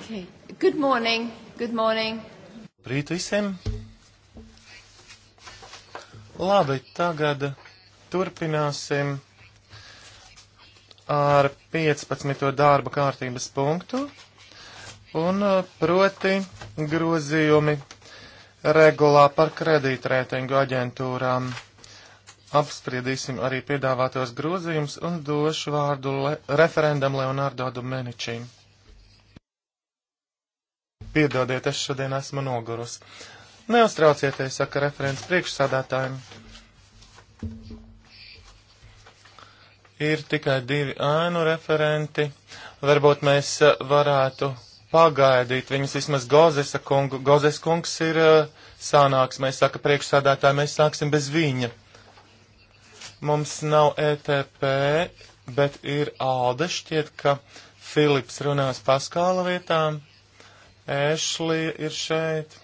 Okay. Good morning. Good morning. Brīt visiem. Labi, tagad turpināsim ar 15. darba kārtības punktu un eh, proti grozījumi regulā par kredītreitingu aģentūrām. Apspriedīsim arī piedāvātos grozījumus un došu vārdu le referendam Leonardo Domeničīm. Piedodiet, es šodien esmu nogurus. Neuztraucieties, saka referents priekšsādātājiem. Ir tikai divi ēnu referenti. Varbūt mēs varētu pagaidīt viņus vismaz Gozesa kungu. Gozes kungs ir uh, eh, sanāksmē, saka priekšsādātāji, mēs sāksim bez viņa mums nav ETP, bet ir Alde šķiet, ka Filips runās Paskāla vietām. Ešli ir šeit.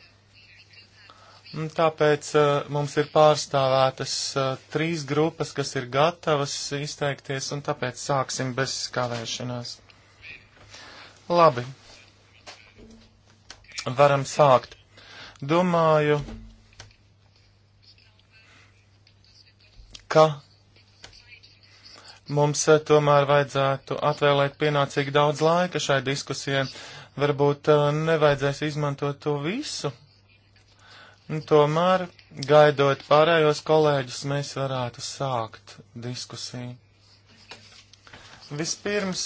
Tāpēc uh, mums ir pārstāvētas uh, trīs grupas, kas ir gatavas izteikties, un tāpēc sāksim bez kavēšanās. Labi. Varam sākt. Domāju, ka mums uh, tomēr vajadzētu atvēlēt pienācīgi daudz laika šai diskusijai varbūt uh, nevajadzēs izmantot to visu. Tomēr, gaidot pārējos kolēģus, mēs varētu sākt diskusiju. Vispirms.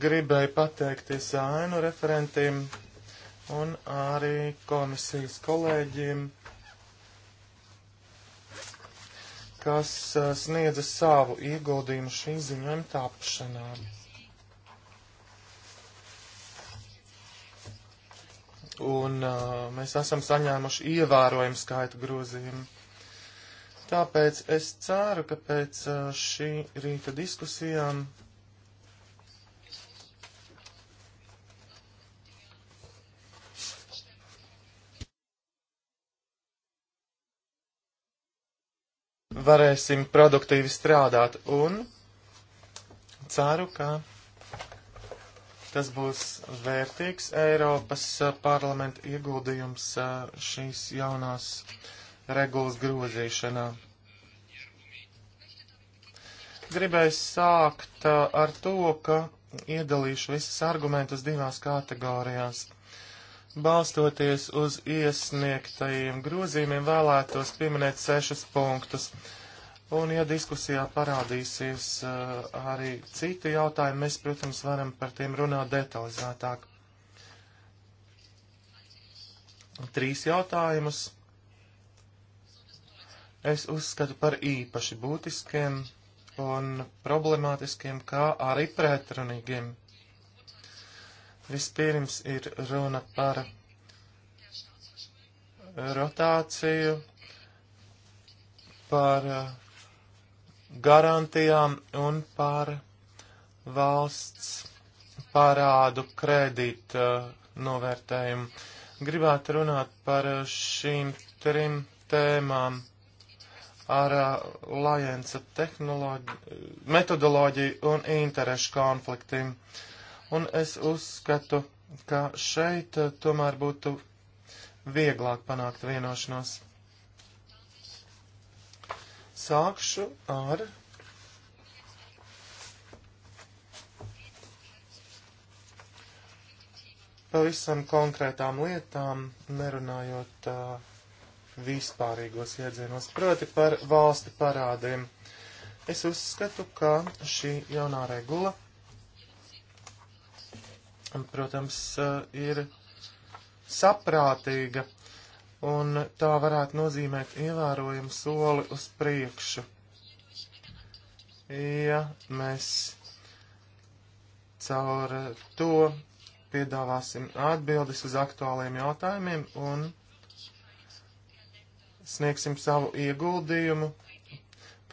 gribēju pateikties ēnu referentiem un arī komisijas kolēģiem kas uh, sniedza savu ieguldījumu šī ziņojuma tapšanā. Un uh, mēs esam saņēmuši ievērojumu skaitu grozījumu. Tāpēc es ceru, ka pēc uh, šī rīta diskusijām varēsim produktīvi strādāt un ceru, ka tas būs vērtīgs Eiropas parlamenta ieguldījums šīs jaunās regulas grozīšanā. Gribēju sākt ar to, ka iedalīšu visas argumentus divās kategorijās. Balstoties uz iesniegtajiem grozījumiem, vēlētos pieminēt sešus punktus. Un, ja diskusijā parādīsies uh, arī citi jautājumi, mēs, protams, varam par tiem runāt detalizētāk. Trīs jautājumus es uzskatu par īpaši būtiskiem un problemātiskiem, kā arī pretrunīgiem. Vispirms ir runa par rotāciju, par uh, garantijām un par valsts parādu kredīta uh, novērtējumu. Gribētu runāt par uh, šīm trim tēmām ar Lajensa metodoloģiju un interešu konfliktiem. Uh, Un es uzskatu, ka šeit eh, tomēr būtu vieglāk panākt vienošanos. Sākšu ar pavisam konkrētām lietām, nerunājot uh, vispārīgos iedzienos, proti par valsti parādiem. Es uzskatu, ka šī jaunā regula protams, eh, ir saprātīga, un tā varētu nozīmēt ievērojumu soli uz priekšu. Ja mēs caur to piedāvāsim atbildes uz aktuāliem jautājumiem un sniegsim savu ieguldījumu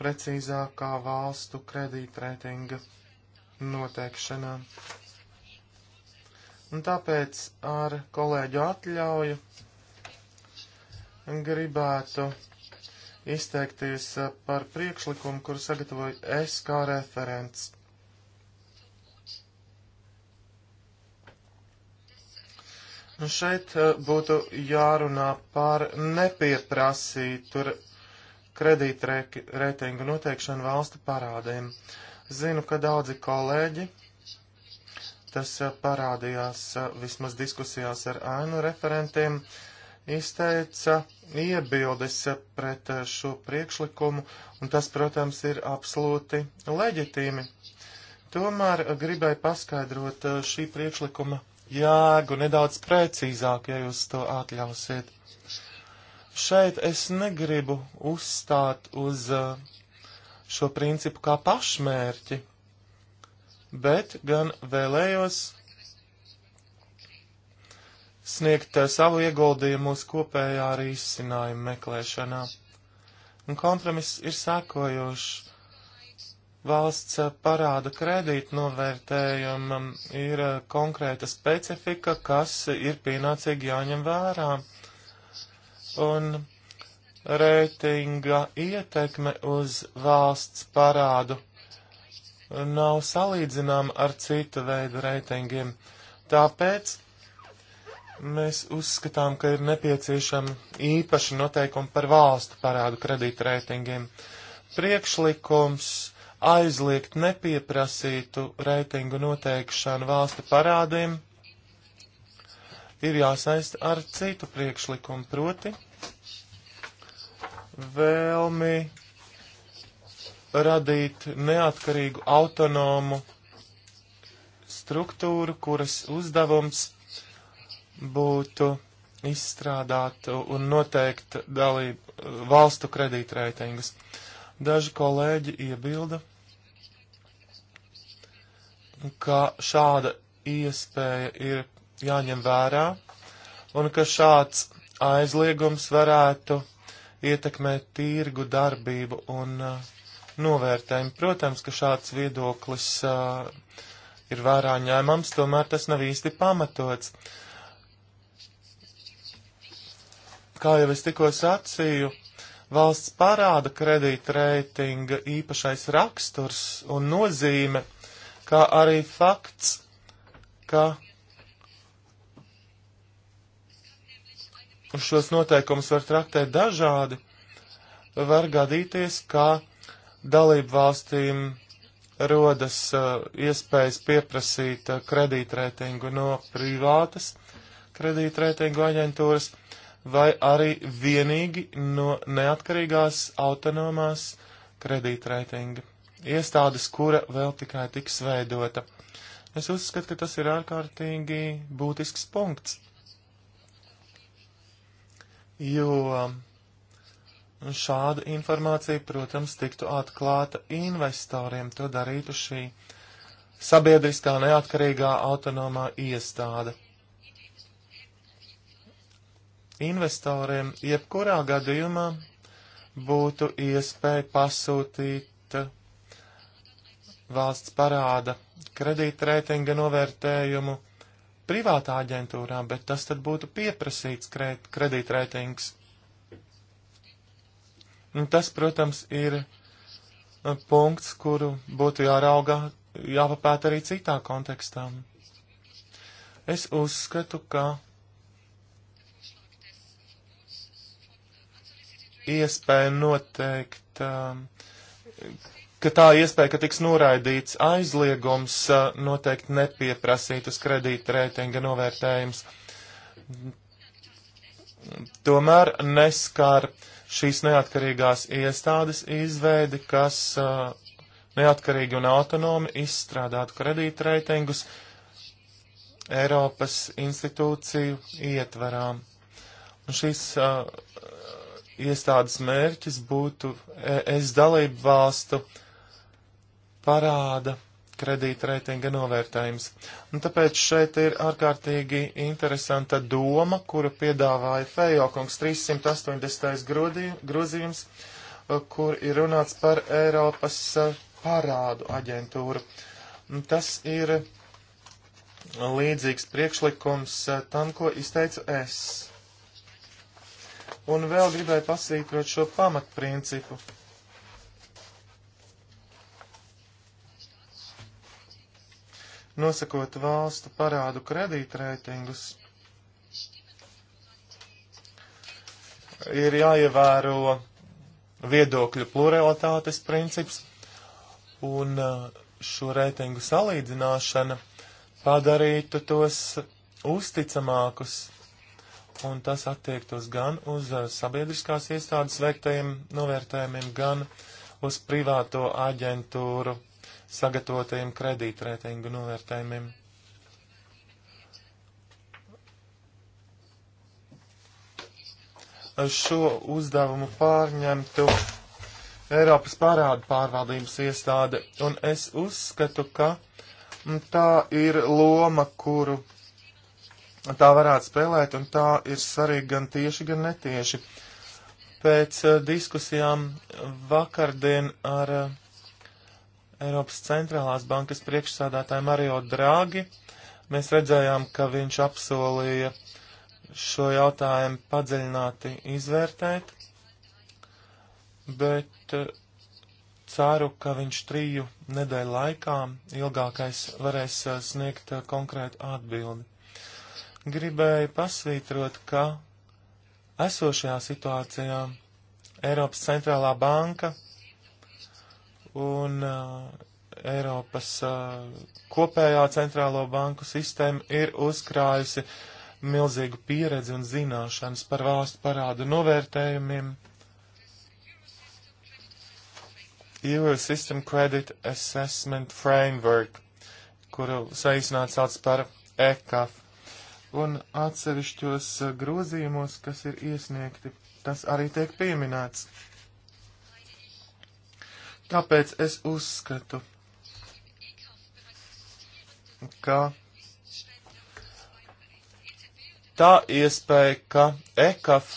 precīzākā valstu kredītreitinga noteikšanā. Un tāpēc ar kolēģu atļauju gribētu izteikties par priekšlikumu, kuru sagatavoju es kā referents. Un šeit eh, būtu jārunā par nepieprasītu kredītreitingu noteikšanu valstu parādiem. Zinu, ka daudzi kolēģi Tas eh, parādījās eh, vismaz diskusijās ar ainu referentiem, izteica iebildes eh, pret šo priekšlikumu, un tas, protams, ir absolūti leģitīmi. Tomēr gribēju paskaidrot šī priekšlikuma jēgu nedaudz precīzāk, ja jūs to atļausiet. Šeit es negribu uzstāt uz šo principu kā pašmērķi bet gan vēlējos sniegt eh, savu ieguldījumu mūsu kopējā risinājuma meklēšanā. Un kompromiss ir sēkojošs. Valsts eh, parāda kredītu novērtējumam ir eh, konkrēta specifika, kas ir pienācīgi jāņem vērā. Un reitinga ietekme uz valsts parādu nav salīdzināma ar cita veida reitingiem. Tāpēc mēs uzskatām, ka ir nepieciešama īpaša noteikuma par valstu parādu kredītreitingiem. Priekšlikums aizliegt nepieprasītu reitingu noteikšanu valstu parādiem ir jāsaista ar citu priekšlikumu, proti vēlmi radīt neatkarīgu autonomu struktūru, kuras uzdevums būtu izstrādāt un noteikt dalību valstu kredītreitingus. Daži kolēģi iebilda, ka šāda iespēja ir jāņem vērā un ka šāds aizliegums varētu ietekmēt tirgu darbību un uh, novērtējumu. Protams, ka šāds viedoklis uh, ir vērā ņēmams, tomēr tas nav īsti pamatots. Kā jau es tikko sacīju, valsts parāda kredītreitinga īpašais raksturs un nozīme, kā arī fakts, ka šos noteikumus var traktēt dažādi, var gadīties, ka dalību valstīm rodas uh, iespējas pieprasīt uh, kredītreitingu no privātas kredītreitingu aģentūras vai arī vienīgi no neatkarīgās autonomās kredītreitinga iestādes, kura vēl tikai tiks veidota. Es uzskatu, ka tas ir ārkārtīgi būtisks punkts, jo um, šāda informācija, protams, tiktu atklāta investoriem. To darītu šī sabiedriskā neatkarīgā autonomā iestāde. Investoriem jebkurā gadījumā būtu iespēja pasūtīt valsts parāda kredītreitinga novērtējumu privātā aģentūrā, bet tas tad būtu pieprasīts kredītreitings Un nu, tas, protams, ir uh, punkts, kuru būtu jāraugā, jāpapēta arī citā kontekstā. Es uzskatu, ka iespēja noteikt, um, ka tā iespēja, ka tiks noraidīts aizliegums, uh, noteikti nepieprasītas kredīta reitinga novērtējums. Tomēr neskar uh, šīs neatkarīgās iestādes izveidi, kas uh, neatkarīgi un autonomi izstrādātu kredītreitingus Eiropas institūciju ietverām. Un šīs uh, iestādes mērķis būtu es dalību valstu parāda kredītreitinga novērtējums. Un tāpēc šeit ir ārkārtīgi interesanta doma, kuru piedāvāja Fejokungs 380. grozījums, kur ir runāts par Eiropas eh, parādu aģentūru. Un tas ir līdzīgs priekšlikums eh, tam, ko izteicu es. Un vēl gribēju pasvītrot šo pamatprincipu nosakot valstu parādu kredītreitingus, ir jāievēro viedokļu pluralitātes princips, un uh, šo reitingu salīdzināšana padarītu tos uzticamākus, un tas attiektos gan uz uh, sabiedriskās iestādes veiktajiem novērtējumiem, gan uz privāto aģentūru sagatavotajiem kredītreitingu novērtējumiem. Šo uzdevumu pārņemtu Eiropas pārādu pārvaldības iestāde, un es uzskatu, ka tā ir loma, kuru tā varētu spēlēt, un tā ir svarīga gan tieši, gan netieši. Pēc uh, diskusijām vakardien ar uh, Eiropas centrālās bankas priekšsādātāju Mario Draghi. Mēs redzējām, ka viņš apsolīja šo jautājumu padziļināti izvērtēt, bet eh, ceru, ka viņš triju nedēļu laikā ilgākais varēs eh, sniegt eh, konkrētu atbildi. Gribēju pasvītrot, ka esošajā situācijā Eiropas centrālā banka un uh, Eiropas uh, kopējā centrālo banku sistēma ir uzkrājusi milzīgu pieredzi un zināšanas par valstu parādu novērtējumiem. Euro System Credit Assessment Framework, kuru saīsnāt sauc par ECAF, un atsevišķos uh, grozījumos, kas ir iesniegti, tas arī tiek pieminēts. Tāpēc es uzskatu, ka tā iespēja, ka ECAF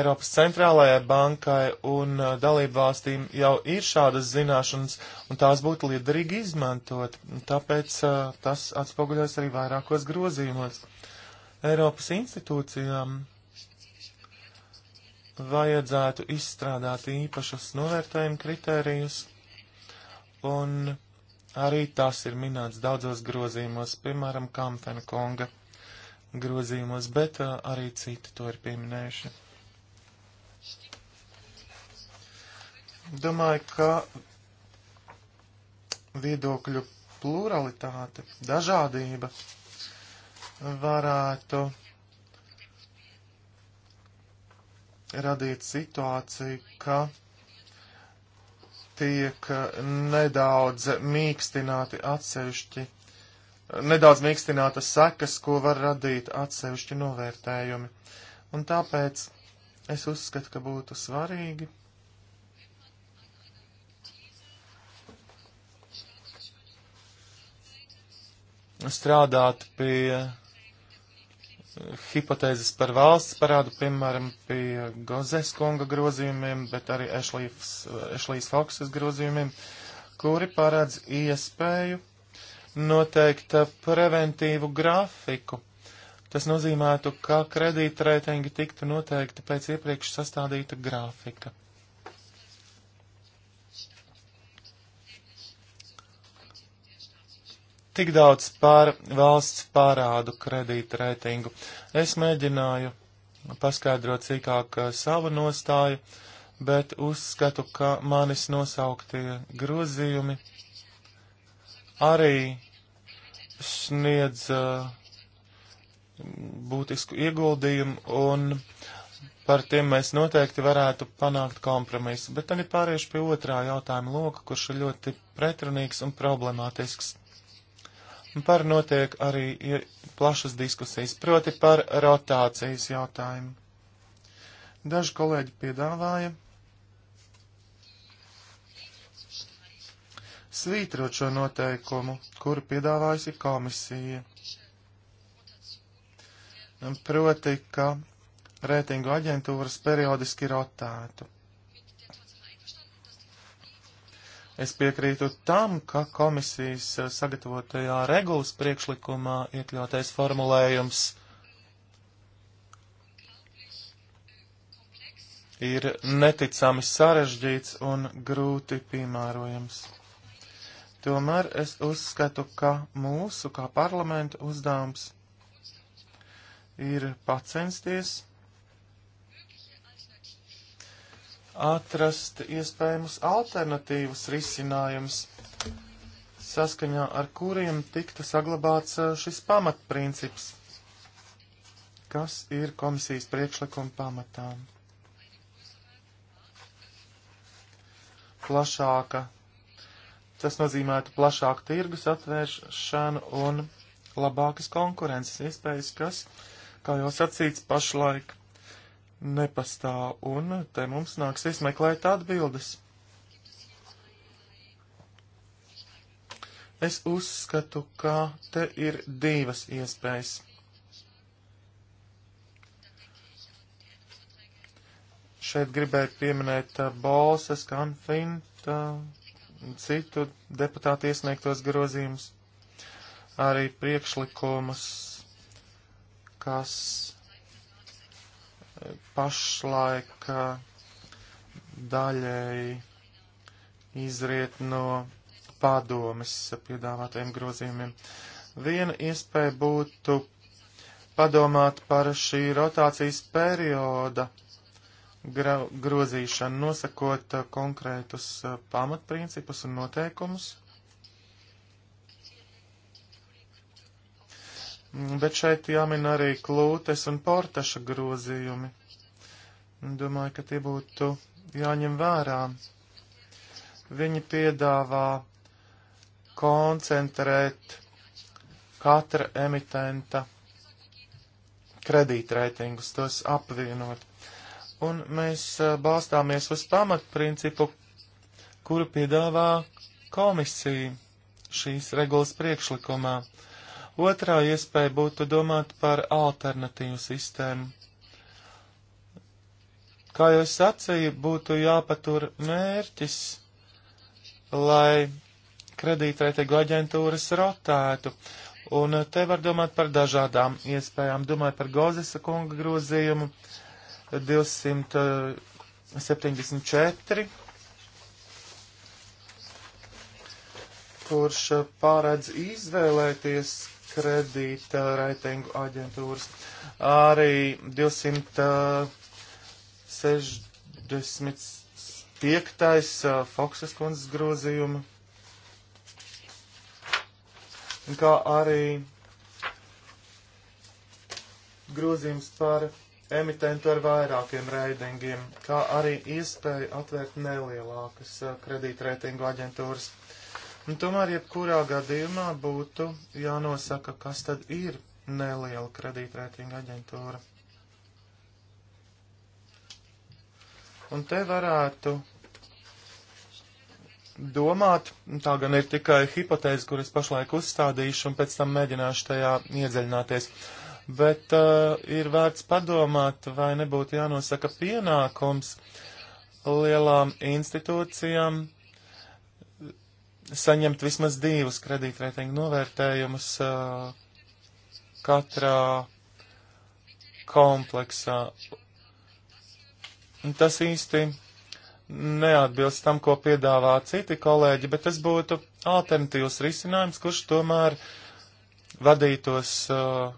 Eiropas centrālajai bankai un uh, dalību valstīm jau ir šādas zināšanas, un tās būtu liederīgi izmantot. Tāpēc uh, tas atspoguļojas arī vairākos grozījumos. Eiropas institūcijām vajadzētu izstrādāt īpašas novērtējuma kritērijus, un arī tas ir minēts daudzos grozījumos, piemēram, Kamfena konga grozījumos, bet uh, arī citi to ir pieminējuši. Domāju, ka viedokļu pluralitāte, dažādība varētu radīt situāciju, ka tiek nedaudz mīkstināti atsevišķi, nedaudz mīkstinātas sekas, ko var radīt atsevišķi novērtējumi. Un tāpēc es uzskatu, ka būtu svarīgi. Strādāt pie hipotēzes par valsts parādu, piemēram, pie Gozes konga grozījumiem, bet arī Ešlīs Foksas grozījumiem, kuri parādz iespēju noteikt preventīvu grafiku. Tas nozīmētu, ka kredītreitingi tiktu noteikti pēc iepriekš sastādīta grafika. Tik daudz par valsts pārādu kredīta reitingu. Es mēģināju paskaidrot cīkāk eh, savu nostāju, bet uzskatu, ka manis nosauktie grozījumi arī sniedz uh, būtisku ieguldījumu un par tiem mēs noteikti varētu panākt kompromisu. Bet tagad pāriešu pie otrā jautājuma loka, kurš ir ļoti pretrunīgs un problemātisks par notiek arī plašas diskusijas, proti par rotācijas jautājumu. Daži kolēģi piedāvāja svītrot šo noteikumu, kuru piedāvājusi komisija. Proti, ka reitingu aģentūras periodiski rotētu. Es piekrītu tam, ka komisijas eh, sagatavotajā regulas priekšlikumā iekļautais formulējums ir neticami sarežģīts un grūti piemērojams. Tomēr es uzskatu, ka mūsu kā parlamenta uzdevums ir pacensties atrast iespējamus alternatīvus risinājumus, saskaņā ar kuriem tiktu saglabāts eh, šis pamatprincips, kas ir komisijas priekšlikuma pamatām. Plašāka. Tas nozīmētu plašāku tirgus atvēršanu un labākas konkurences iespējas, kas, kā jau sacīts, pašlaik nepastāv, un te mums nāksies meklēt atbildes. Es uzskatu, ka te ir divas iespējas. Šeit gribēju pieminēt uh, Balsas, Kanfinta, uh, citu deputātu iesniegtos grozījumus, arī priekšlikumus, kas pašlaik eh, daļēji izriet no padomes piedāvātajiem grozījumiem. Viena iespēja būtu padomāt par šī rotācijas perioda grozīšanu, nosakot eh, konkrētus eh, pamatprincipus un noteikumus. Mm, bet šeit jāmin arī klūtes un portaša grozījumi. Domāju, ka tie būtu jāņem vērā. Viņi piedāvā koncentrēt katra emitenta kredītreitingus, tos apvienot. Un mēs eh, balstāmies uz pamatprincipu, kuru piedāvā komisija šīs regulas priekšlikumā. Uh, Otrā iespēja būtu domāt par alternatīvu sistēmu. Kā jau es sacīju, būtu jāpatur mērķis, lai kredītreitīgu aģentūras rotētu. Un te var domāt par dažādām iespējām. Domāju par Gozesa kunga grozījumu 274, eh, kurš eh, pārēdz izvēlēties, kredīta reitingu aģentūras. Arī 265. Foksas kundzes grozījuma, kā arī grozījums par emitentu ar vairākiem reitingiem, kā arī iespēju atvērt nelielākas kredītreitingu aģentūras. Un nu, tomēr, jebkurā gadījumā būtu jānosaka, kas tad ir neliela kredītrētinga aģentūra. Un te varētu domāt, tā gan ir tikai hipotēze, kur es pašlaik uzstādīšu un pēc tam mēģināšu tajā iedziļināties. Bet uh, ir vērts padomāt, vai nebūtu jānosaka pienākums lielām institūcijām saņemt vismaz divus kredītreitingu novērtējumus katrā kompleksā. Tas īsti neatbilst tam, ko piedāvā citi kolēģi, bet tas būtu alternatīvs risinājums, kurš tomēr vadītos uh,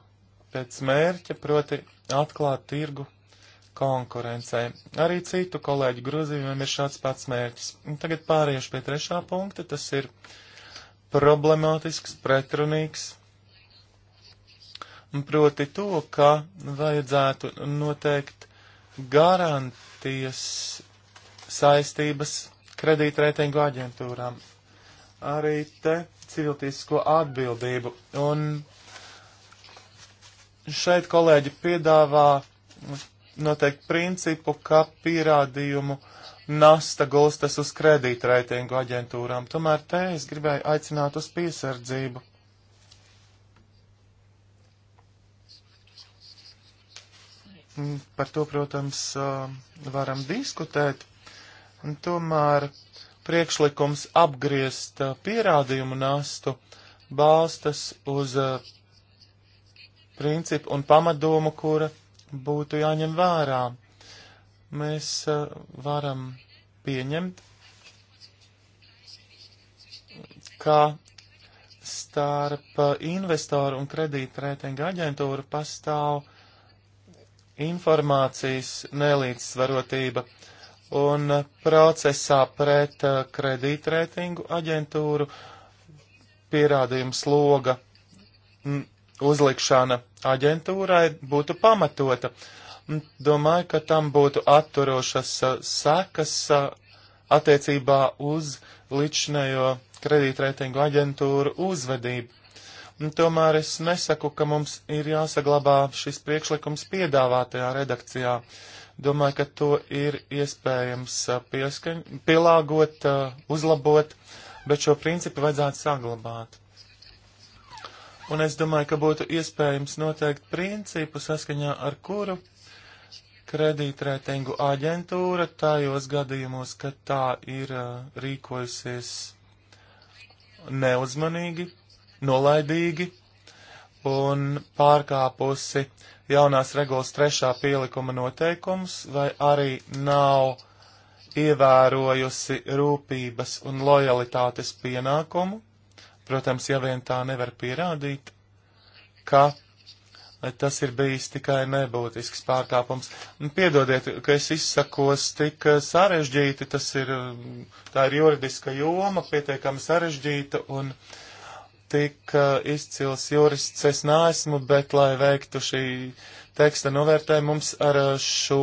pēc mērķa, proti atklāt tirgu konkurencei. Arī citu kolēģu grozījumiem ir šāds pats mērķis. Un tagad pāriešu pie trešā punkta. Tas ir problemātisks, pretrunīgs. Proti to, ka vajadzētu noteikt garantijas saistības kredītreitingu aģentūrām. Arī te civiltīsko atbildību. Un šeit kolēģi piedāvā noteikti principu, ka pierādījumu nasta gulstas uz kredītreitingu aģentūrām. Tomēr te es gribēju aicināt uz piesardzību. Mm, par to, protams, varam diskutēt. Tomēr priekšlikums apgriezt pierādījumu nastu balstas uz principu un pamatomu, kura būtu jāņem vērā. Mēs uh, varam pieņemt, ka starp investoru un kredītrētinga aģentūru pastāv informācijas nelīdzsvarotība un procesā pret eh, kredītreitingu aģentūru pierādījums loga uzlikšana aģentūrai būtu pamatota. Domāju, ka tam būtu atturošas uh, sekas uh, attiecībā uz līdzinējo kredītreitingu aģentūru uzvedību. Tomēr es nesaku, ka mums ir jāsaglabā šis priekšlikums piedāvātajā redakcijā. Domāju, ka to ir iespējams uh, pieskaņ, pielāgot, uzlabot, bet šo principu vajadzētu saglabāt un es domāju, ka būtu iespējams noteikt principu saskaņā ar kuru kredītreitingu aģentūra tajos gadījumos, kad tā ir uh, rīkojusies neuzmanīgi, nolaidīgi un pārkāpusi jaunās regulas trešā pielikuma noteikums, vai arī nav ievērojusi rūpības un lojalitātes pienākumu, Protams, ja vien tā nevar pierādīt, ka tas ir bijis tikai nebūtisks pārkāpums. Piedodiet, ka es izsakos tik sarežģīti, tas ir, tā ir juridiska joma, pietiekami sarežģīta un tik izcils jurists es neesmu, bet lai veiktu šī teksta novērtē, mums ar šo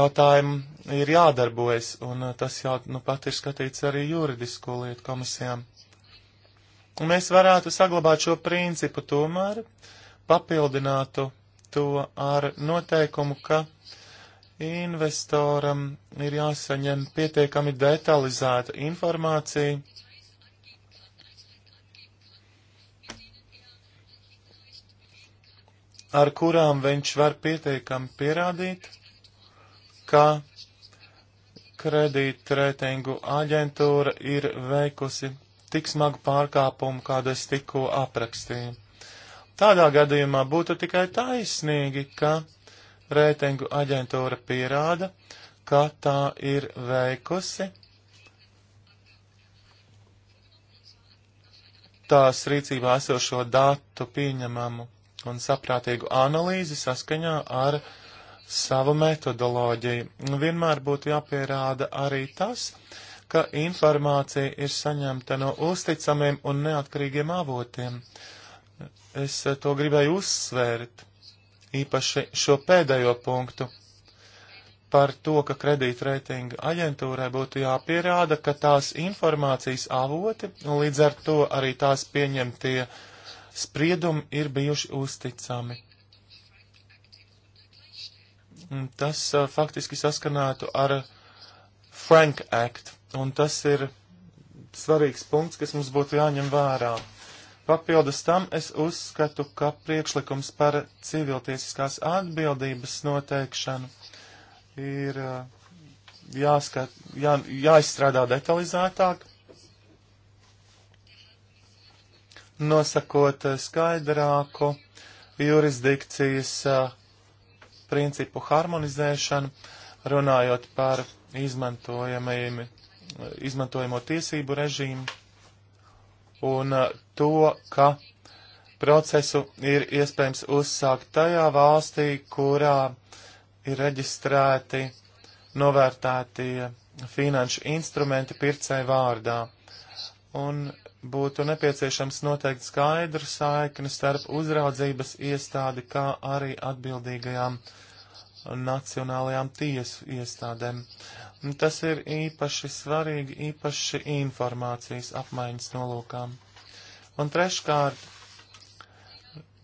jautājumu ir jādarbojas, un tas jau nu pat ir skatīts arī juridisko lietu komisijām mēs varētu saglabāt šo principu, tomēr papildinātu to ar noteikumu, ka investoram ir jāsaņem pietiekami detalizēta informācija. ar kurām viņš var pietiekami pierādīt, ka kredītreitingu aģentūra ir veikusi tik smagu pārkāpumu, kādu es tikko aprakstīju. Tādā gadījumā būtu tikai taisnīgi, ka reitingu aģentūra pierāda, ka tā ir veikusi tās rīcībā esošo datu pieņemamu un saprātīgu analīzi saskaņā ar savu metodoloģiju. Vienmēr būtu jāpierāda arī tas, ka informācija ir saņemta no uzticamiem un neatkarīgiem avotiem. Es eh, to gribēju uzsvērt, īpaši šo pēdējo punktu par to, ka kredītreitinga aģentūrai būtu jāpierāda, ka tās informācijas avoti un līdz ar to arī tās pieņemtie spriedumi ir bijuši uzticami. Tas a, eh, faktiski saskanētu ar Frank Act un tas ir svarīgs punkts, kas mums būtu jāņem vērā. Papildus tam es uzskatu, ka priekšlikums par civiltiesiskās atbildības noteikšanu ir uh, jāskat, jā, jāizstrādā detalizētāk, nosakot uh, skaidrāku jurisdikcijas uh, principu harmonizēšanu, runājot par izmantojamajiem izmantojamo tiesību režīmu un uh, to, ka procesu ir iespējams uzsākt tajā valstī, kurā ir reģistrēti novērtēti uh, finanšu instrumenti pircēja vārdā. Un būtu nepieciešams noteikt skaidru saikni starp uzraudzības iestādi, kā arī atbildīgajām uh, nacionālajām tiesu iestādēm. Tas ir īpaši svarīgi, īpaši informācijas apmaiņas nolūkām. Un treškārt,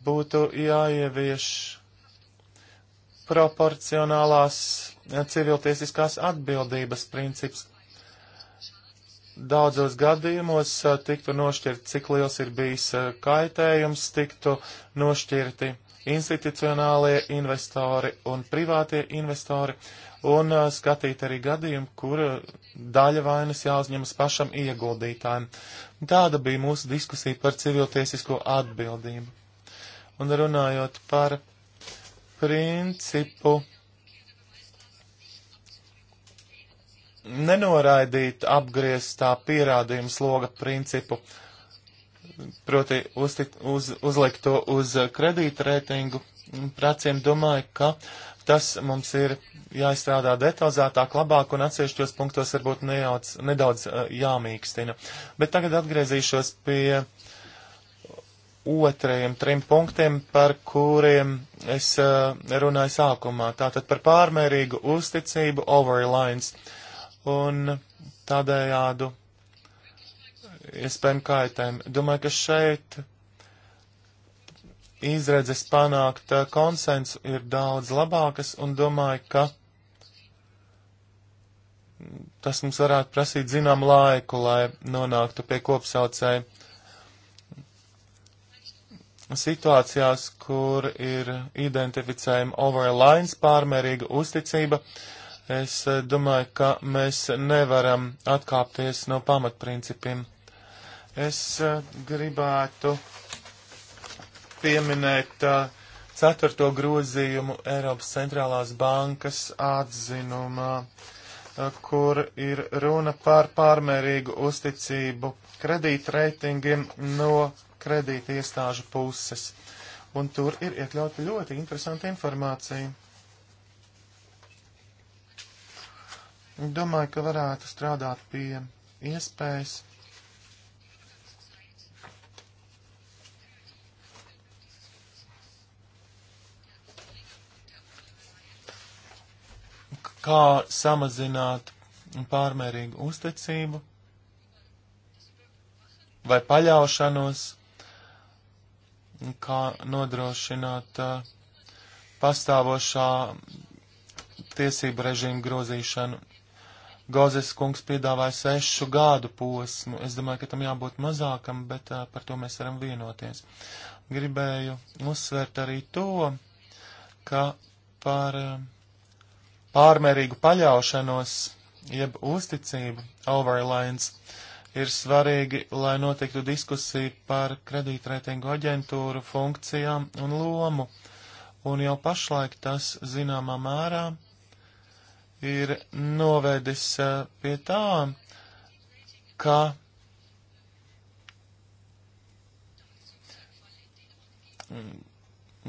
būtu jāievieš proporcionālās civiltiesiskās atbildības princips. Daudzos gadījumos uh, tiktu nošķirt, cik liels ir bijis uh, kaitējums, tiktu nošķirti institucionālie investori un privātie investori un uh, skatīt arī gadījumu, kur uh, daļa vainas jāuzņemas pašam ieguldītājiem. Tāda bija mūsu diskusija par civiltiesisko atbildību. Un runājot par principu nenoraidīt apgrieztā pierādījuma sloga principu, uh, proti uztikt, uz, uzlikt to uz kredītreitingu praciem, domāju, ka tas mums ir jāizstrādā detalizētāk, labāk un atsevišķos punktos varbūt nejauc, nedaudz eh, jāmīkstina. Bet tagad atgriezīšos pie otrajiem trim punktiem, par kuriem es eh, runāju sākumā. Tātad par pārmērīgu uzticību, overreliance, un tādējādu iespējami kaitēm. Domāju, ka šeit izredzes panākt eh, konsensu ir daudz labākas un domāju, ka tas mums varētu prasīt zinām laiku, lai nonāktu pie kopsaucēja situācijās, kur ir identificējama overlines pārmērīga uzticība. Es eh, domāju, ka mēs nevaram atkāpties no pamatprincipiem. Es eh, gribētu pieminēt eh, ceturto grozījumu Eiropas centrālās bankas atzinumā, eh, kur ir runa par pārmērīgu uzticību kredītreitingiem no kredīta iestāžu puses. Un tur ir iekļauta ļoti interesanta informācija. Domāju, ka varētu strādāt pie iespējas kā samazināt pārmērīgu uzticību vai paļaušanos, kā nodrošināt uh, pastāvošā tiesību režīmu grozīšanu. Gozes kungs piedāvāja sešu gādu posmu. Es domāju, ka tam jābūt mazākam, bet uh, par to mēs varam vienoties. Gribēju uzsvērt arī to, ka par uh, pārmērīgu paļaušanos, jeb uzticību, overlines, ir svarīgi, lai notiktu diskusija par kredītreitingu aģentūru funkcijām un lomu, un jau pašlaik tas zināmā mērā ir novedis eh, pie tā, ka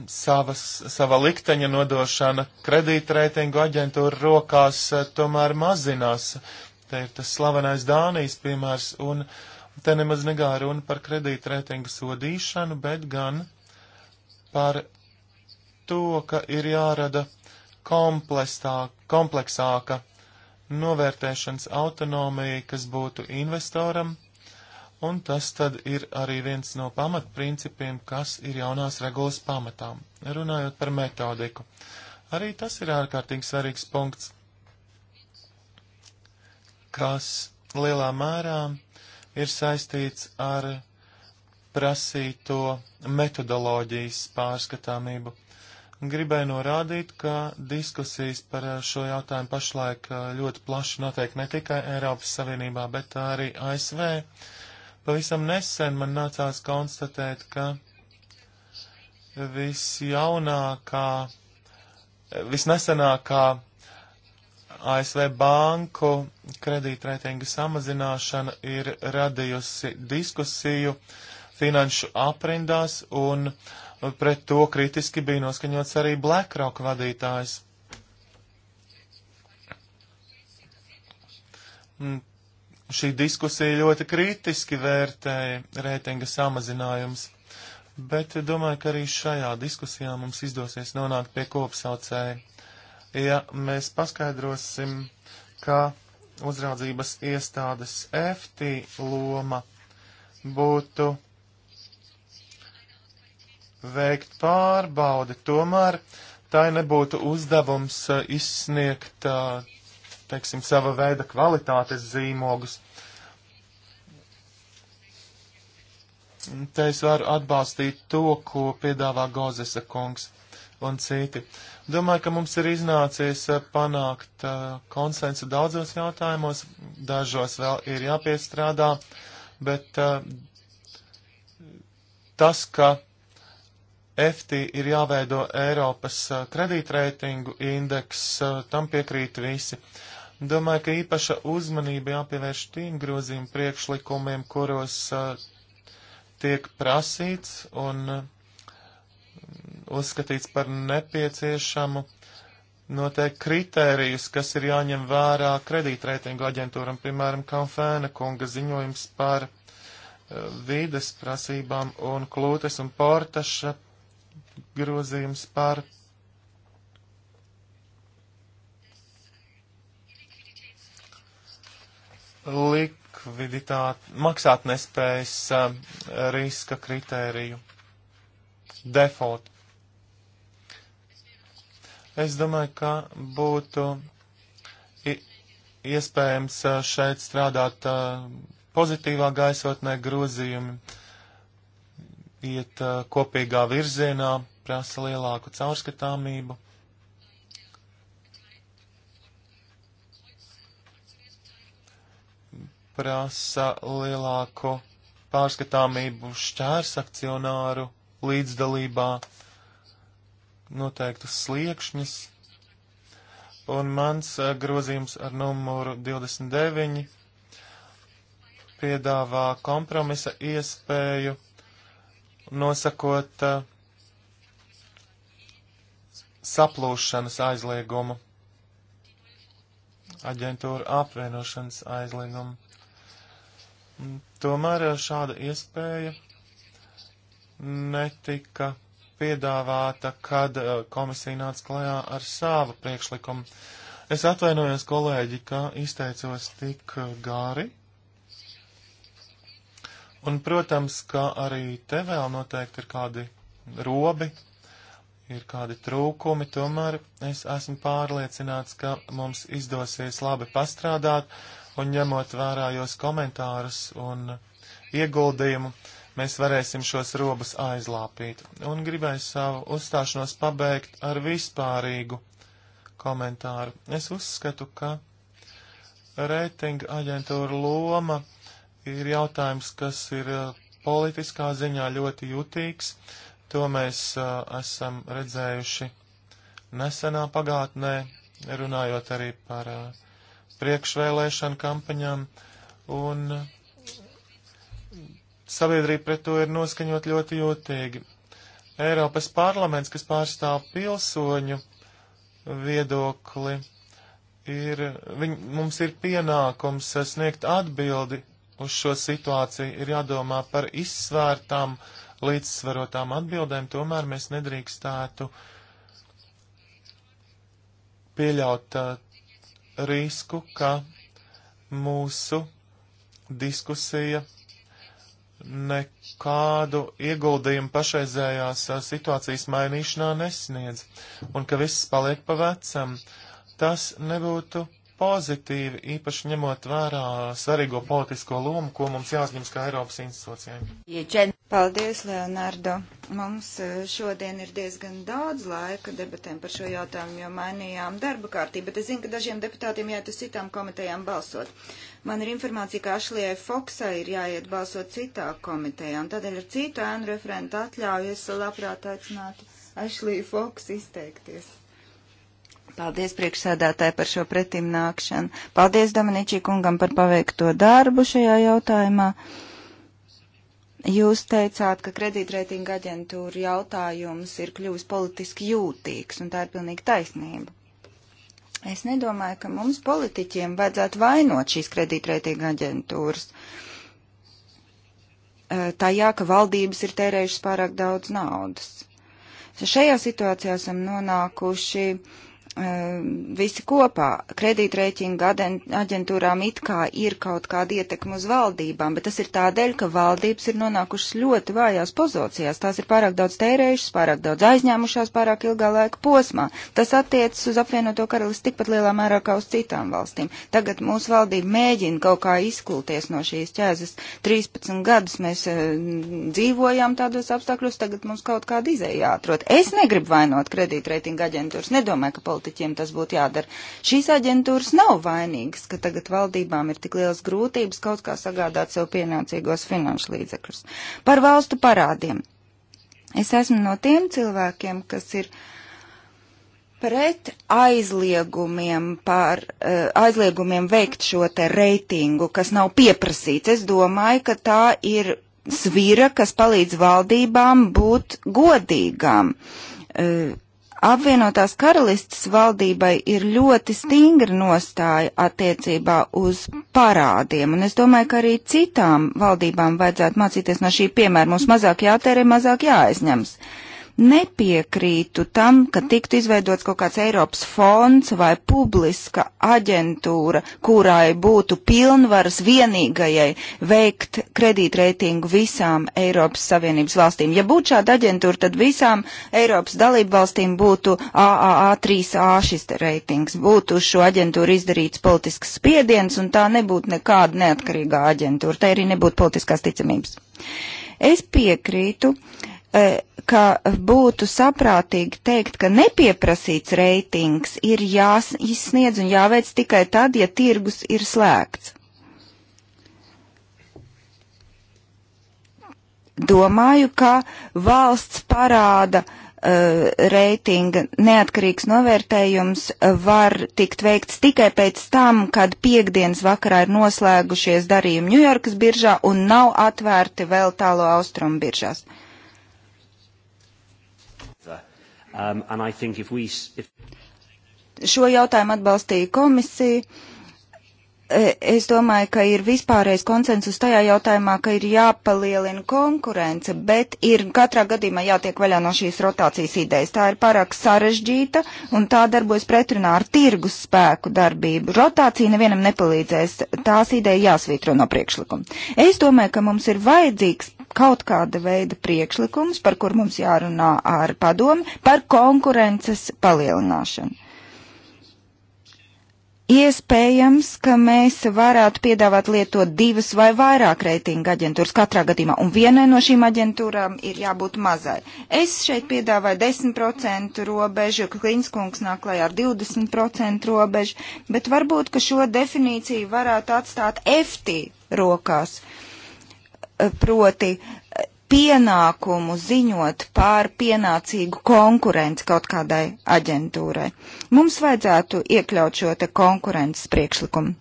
savas, sava likteņa nodošana kredītreitingu aģentūru rokās eh, tomēr mazinās. Te ir tas slavenais Dānijas piemērs, un te nemaz negā runa par kredītreitingu sodīšanu, bet gan par to, ka ir jārada kompleksāka novērtēšanas autonomija, kas būtu investoram Un tas tad ir arī viens no pamatprincipiem, kas ir jaunās regulas pamatām, runājot par metodiku. Arī tas ir ārkārtīgi svarīgs punkts, kas lielā mērā ir saistīts ar prasīto metodoloģijas pārskatāmību. Gribēju norādīt, ka diskusijas par šo jautājumu pašlaik ļoti plaši notiek ne tikai Eiropas Savienībā, bet arī ASV Pavisam nesen man nācās konstatēt, ka visjaunākā, visnesenākā ASV banku kredītreitinga samazināšana ir radījusi diskusiju finanšu aprindās, un pret to kritiski bija noskaņots arī BlackRock vadītājs. Mm, šī diskusija ļoti kritiski vērtēja reitinga samazinājums, bet domāju, ka arī šajā diskusijā mums izdosies nonākt pie kopsaucēja. Ja mēs paskaidrosim, ka uzraudzības iestādes FT loma būtu veikt pārbaudi, tomēr tai nebūtu uzdevums uh, izsniegt uh, teiksim, sava veida kvalitātes zīmogus. Te es varu atbalstīt to, ko piedāvā Gozesa kungs un citi. Domāju, ka mums ir iznācies eh, panākt uh, konsensu daudzos jautājumos, dažos vēl ir jāpiestrādā, bet uh, tas, ka FT ir jāveido Eiropas kredītreitingu indeks, tam piekrīt visi. Uh, Domāju, ka īpaša uzmanība jāpievērš tiem grozījumu priekšlikumiem, kuros uh, tiek prasīts un uh, uzskatīts par nepieciešamu noteikti kritērijus, kas ir jāņem vērā kredītreitingu aģentūram, piemēram, Kanfēna kunga ziņojums par uh, vides prasībām un klūtes un portaša grozījums par likviditāte, maksātnespējas uh, eh, riska kritēriju default. Es domāju, ka būtu iespējams eh, šeit strādāt uh, pozitīvā gaisotnē grozījumi, iet uh, kopīgā virzienā, prasa lielāku caurskatāmību prasa lielāku pārskatāmību šķērs akcionāru līdzdalībā, noteiktus sliekšņus, un mans eh, grozījums ar numuru 29 piedāvā kompromisa iespēju nosakot eh, saplūšanas aizliegumu, aģentūra apvienošanas aizliegumu. Tomēr eh, šāda iespēja netika piedāvāta, kad eh, komisija nāca klajā ar savu priekšlikumu. Es atvainojos, kolēģi, ka izteicos tik eh, gāri. Un, protams, ka arī te vēl noteikti ir kādi robi, ir kādi trūkumi, tomēr es esmu pārliecināts, ka mums izdosies labi pastrādāt un ņemot vērā jūs komentārus un ieguldījumu, mēs varēsim šos robus aizlāpīt. Un gribēju savu uzstāšanos pabeigt ar vispārīgu komentāru. Es uzskatu, ka reitinga aģentūra loma ir jautājums, kas ir uh, politiskā ziņā ļoti jutīgs. To mēs uh, esam redzējuši nesenā pagātnē, runājot arī par uh, priekšvēlēšana kampaņām, un sabiedrība pret to ir noskaņot ļoti jūtīgi. Eiropas parlaments, kas pārstāv pilsoņu viedokli, ir, viņ, mums ir pienākums sniegt atbildi uz šo situāciju, ir jādomā par izsvērtām, līdzsvarotām atbildēm, tomēr mēs nedrīkstētu pieļaut uh, risku, ka mūsu diskusija nekādu ieguldījumu pašreizējās situācijas mainīšanā nesniedz, un ka viss paliek pa vecam. Tas nebūtu pozitīvi, īpaši ņemot vērā svarīgo politisko lomu, ko mums jāuzņems kā Eiropas institūcijai. Paldies, Leonardo. Mums eh, šodien ir diezgan daudz laika debatēm par šo jautājumu, jo mainījām darba kārtību, bet es zinu, ka dažiem deputātiem jāiet uz citām komitejām balsot. Man ir informācija, ka Ašlijai Foksai ir jāiet balsot citā komitejā, un tādēļ ar citu ēnu referentu atļauju es labprāt aicinātu Ašliju Foksu izteikties. Paldies priekšsēdētāji par šo pretim nākšanu. Paldies Dominičī kungam par paveikto darbu šajā jautājumā. Jūs teicāt, ka kredītreitinga aģentūra jautājums ir kļuvis politiski jūtīgs, un tā ir pilnīgi taisnība. Es nedomāju, ka mums politiķiem vajadzētu vainot šīs kredītreitinga aģentūras eh, tajā, ka valdības ir tērējušas pārāk daudz naudas. Šajā situācijā esam nonākuši uh, Ehm, visi kopā kredītrēķinga aģentūrām it kā ir kaut kāda ietekma uz valdībām, bet tas ir tādēļ, ka valdības ir nonākušas ļoti vājās pozīcijās. Tās ir pārāk daudz tērējušas, pārāk daudz aizņēmušās, pārāk ilgā laika posmā. Tas attiecas uz apvienoto karalisti tikpat lielā mērā kā uz citām valstīm. Tagad mūsu valdība mēģina kaut kā izkulties no šīs ķēzes. 13 gadus mēs e, dzīvojām tādos apstākļos, tagad mums kaut kāda izēja jāatrod. Es negribu vainot kredītrēķinga aģentūras, nedomāju, ka politika politiķiem tas būtu jādara. Šīs aģentūras nav vainīgas, ka tagad valdībām ir tik liels grūtības kaut kā sagādāt sev pienācīgos finanšu līdzekļus. Par valstu parādiem. Es esmu no tiem cilvēkiem, kas ir pret aizliegumiem, par, uh, aizliegumiem veikt šo te reitingu, kas nav pieprasīts. Es domāju, ka tā ir svira, kas palīdz valdībām būt godīgām. Uh, Apvienotās karalistas valdībai ir ļoti stingra nostāja attiecībā uz parādiem, un es domāju, ka arī citām valdībām vajadzētu mācīties no šī piemēra. Mums mazāk jātērē, mazāk jāaizņems. Uh, nepiekrītu tam, ka tiktu izveidots kaut kāds Eiropas fonds vai publiska aģentūra, kurai būtu pilnvaras vienīgajai veikt kredītreitingu visām Eiropas Savienības valstīm. Ja būtu šāda aģentūra, tad visām Eiropas dalību valstīm būtu AAA 3A šis reitings, būtu uz šo aģentūru izdarīts politisks spiediens un tā nebūtu nekāda neatkarīgā aģentūra, tai arī nebūtu politiskās ticamības. Es piekrītu uh, E, ka būtu saprātīgi teikt, ka nepieprasīts reitings ir jāizsniedz un jāveic tikai tad, ja tirgus ir slēgts. Domāju, ka valsts parāda uh, reitinga neatkarīgs novērtējums var tikt veikts tikai pēc tam, kad piekdienas vakarā ir noslēgušies darījumi Ņujorkas biržā un nav atvērti vēl tālo austrumu biržās. Uh, Um, and I think if we, if... Šo jautājumu atbalstīja komisija. E, es domāju, ka ir vispārējais konsensus tajā jautājumā, ka ir jāpalielina konkurence, bet ir katrā gadījumā jātiek vaļā no šīs rotācijas idejas. Tā ir pārāk sarežģīta un tā darbojas pretrunā ar tirgus spēku darbību. Rotācija nevienam nepalīdzēs, tās ideja jāsvītro no priekšlikuma. Es domāju, ka mums ir vajadzīgs kaut kāda veida priekšlikums, par kur mums jārunā ar padomi, par konkurences palielināšanu. Iespējams, ka mēs varētu piedāvāt lietot divas vai vairāk reitinga aģentūras katrā gadījumā, un vienai no šīm aģentūrām ir jābūt mazai. Es šeit piedāvāju 10% robežu, Klinskungs nāk klajā ar 20% robežu, bet varbūt, ka šo definīciju varētu atstāt FT rokās. Uh, proti pienākumu ziņot pār pienācīgu konkurenci kaut kādai aģentūrai. Mums vajadzētu iekļaut šo te konkurences priekšlikumu.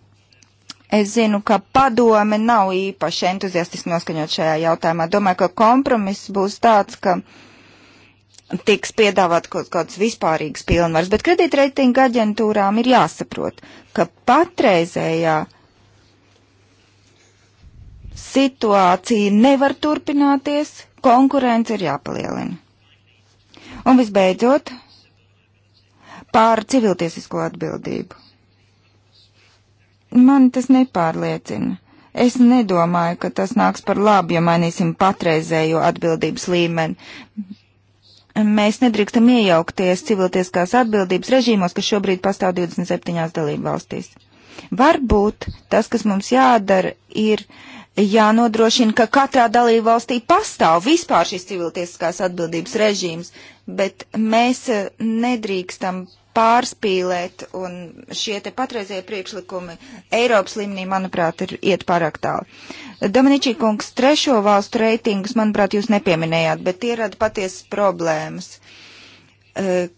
Es zinu, ka padome nav īpaši entuziastiski noskaņot šajā jautājumā. Domāju, ka kompromiss būs tāds, ka tiks piedāvāt kaut kāds vispārīgs pilnvars, bet kredītreitinga aģentūrām ir jāsaprot, ka patreizējā ja Situācija nevar turpināties, konkurence ir jāpalielina. Un visbeidzot, pār civiltiesisko atbildību. Man tas nepārliecina. Es nedomāju, ka tas nāks par labu, ja mainīsim patreizējo atbildības līmeni. Mēs nedrīkstam iejaukties civiltieskās atbildības režīmos, kas šobrīd pastāv 27 dalību valstīs. Varbūt tas, kas mums jādara, ir uh, jānodrošina, ka katrā dalībvalstī pastāv vispār šis civiltiesiskās atbildības režīms, bet mēs eh, nedrīkstam pārspīlēt, un šie te patreizie priekšlikumi Eiropas līmenī, manuprāt, ir iet pārāk tālu. Dominičī kungs, trešo valstu reitingus, manuprāt, jūs nepieminējāt, bet tie rada patiesas problēmas. Eh,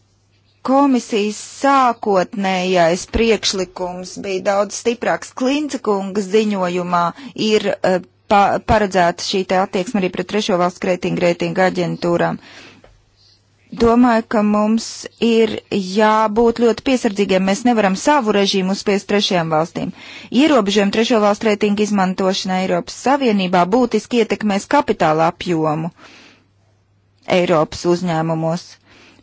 Komisijas sākotnējais priekšlikums bija daudz stiprāks. Klincekungas ziņojumā ir uh, pa paredzēta šī te attieksme arī pret trešo valstu kreitingu reitingu aģentūrām. Domāju, ka mums ir jābūt ļoti piesardzīgiem. Mēs nevaram savu režīmu uzspiest trešajām valstīm. Ierobežojumi trešo valstu reitingu izmantošana Eiropas Savienībā būtiski ietekmēs kapitāla apjomu Eiropas uzņēmumos. Uh,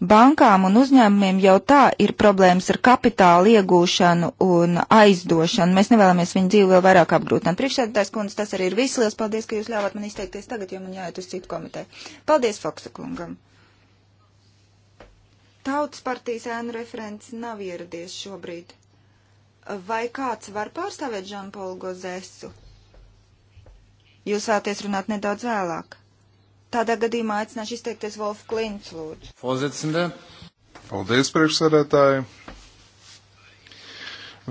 Bankām un uzņēmumiem jau tā ir problēmas ar kapitālu iegūšanu un aizdošanu. Mēs nevēlamies viņu dzīvi vēl vairāk apgrūtināt. Priekšsēdētājs kundze, tas arī ir viss. Liels paldies, ka jūs ļāvāt man izteikties tagad, jo man jāiet uz citu komiteju. Paldies, Foksa kungam! Tautas partijas ēnu referents nav ieradies šobrīd. Vai kāds var pārstāvēt Žanpolu Gozesu? Jūs vēlaties runāt nedaudz vēlāk? Tādā gadījumā aicināšu izteikties Wolf Klints, lūdzu. Pozicinē. Paldies, priekšsēdētāji.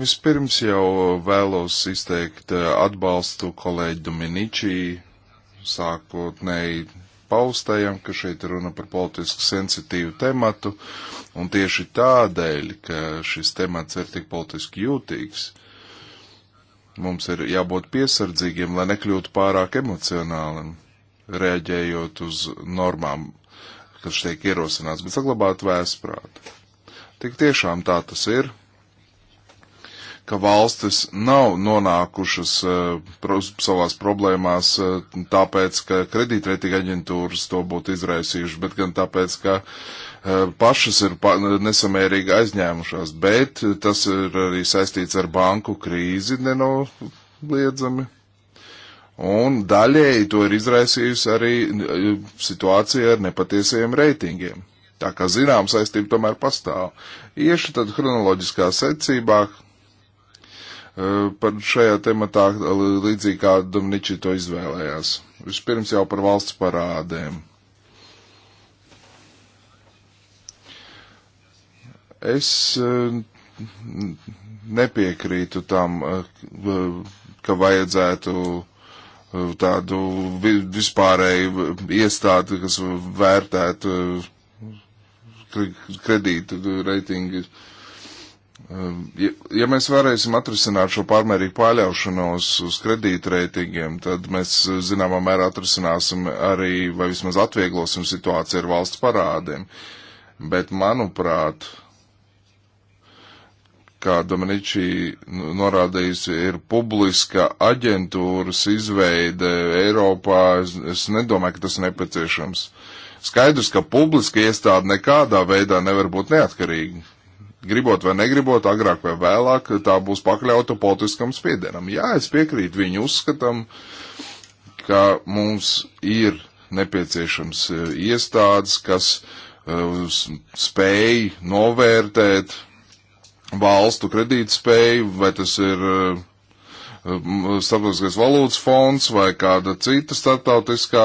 Vispirms jau vēlos izteikt atbalstu kolēģi Dominičī, sākotnēji paustajam, ka šeit runa par politiski sensitīvu tematu, un tieši tādēļ, ka šis temats ir tik politiski jūtīgs, mums ir jābūt piesardzīgiem, lai nekļūtu pārāk emocionālim reaģējot uz normām, kas tiek ierosināts, bet saglabāt vēsprātu. Tik tiešām tā tas ir, ka valstis nav nonākušas uh, pro, savās problēmās uh, tāpēc, ka kredītreitinga aģentūras to būtu izraisījušas, bet gan tāpēc, ka uh, pašas ir pa, nesamērīgi aizņēmušās. Bet tas ir arī saistīts ar banku krīzi nenoliedzami. Un daļēji to ir izraisījusi arī e, situācija ar nepatiesiem reitingiem. Tā kā zinām, saistība tomēr pastāv. Iešu tad chronoloģiskā secībā e, par šajā tematā e, līdzīgi kā Domniči to izvēlējās. Vispirms jau par valsts parādēm. Es nepiekrītu tam, ka vajadzētu uh, tādu vispārēju iestādi, kas vērtētu eh, kredītu reitingu. Um, ja, ja mēs varēsim atrisināt šo pārmērīgu paļaušanos uz kredītreitingiem, tad mēs eh, zināmā mērā atrisināsim arī, vai vismaz atvieglosim situāciju ar valsts parādiem. Bet, manuprāt, uh, kā Dominiči norādījusi, ir publiska aģentūras izveide Eiropā. Es, es nedomāju, ka tas ir nepieciešams. Skaidrs, ka publiska iestāde nekādā veidā nevar būt neatkarīga. Gribot vai negribot, agrāk vai vēlāk, tā būs pakļauta politiskam spiedienam. Jā, es piekrītu viņu uzskatam, ka mums ir nepieciešams e, iestādes, kas uh, spēj novērtēt valstu kredītspēju, vai tas ir uh, starptautiskais valūtas fonds vai kāda cita starptautiskā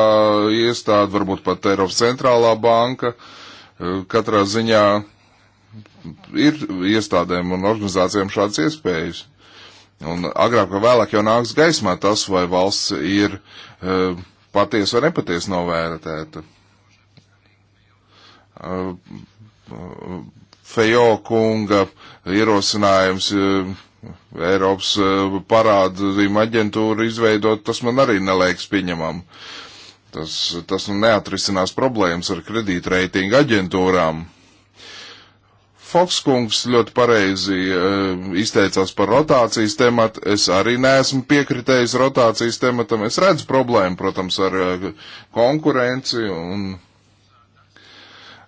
iestāde, varbūt pat Eiropas centrālā banka. Uh, katrā ziņā ir iestādēm un organizācijām šādas iespējas. Un agrāk vai vēlāk jau nāks gaismā tas, vai valsts ir uh, patiesa vai nepatiesa novērtēta Fejo kunga ierosinājums eh, Eiropas eh, parādu aģentūru izveidot, tas man arī neliekas pieņemam. Tas, tas nu neatrisinās problēmas ar kredītreitingu aģentūrām. Fokskungs ļoti pareizi uh, izteicās par rotācijas tematu. Es arī neesmu piekritējis rotācijas tematam. Es redzu problēmu, protams, ar uh, konkurenci un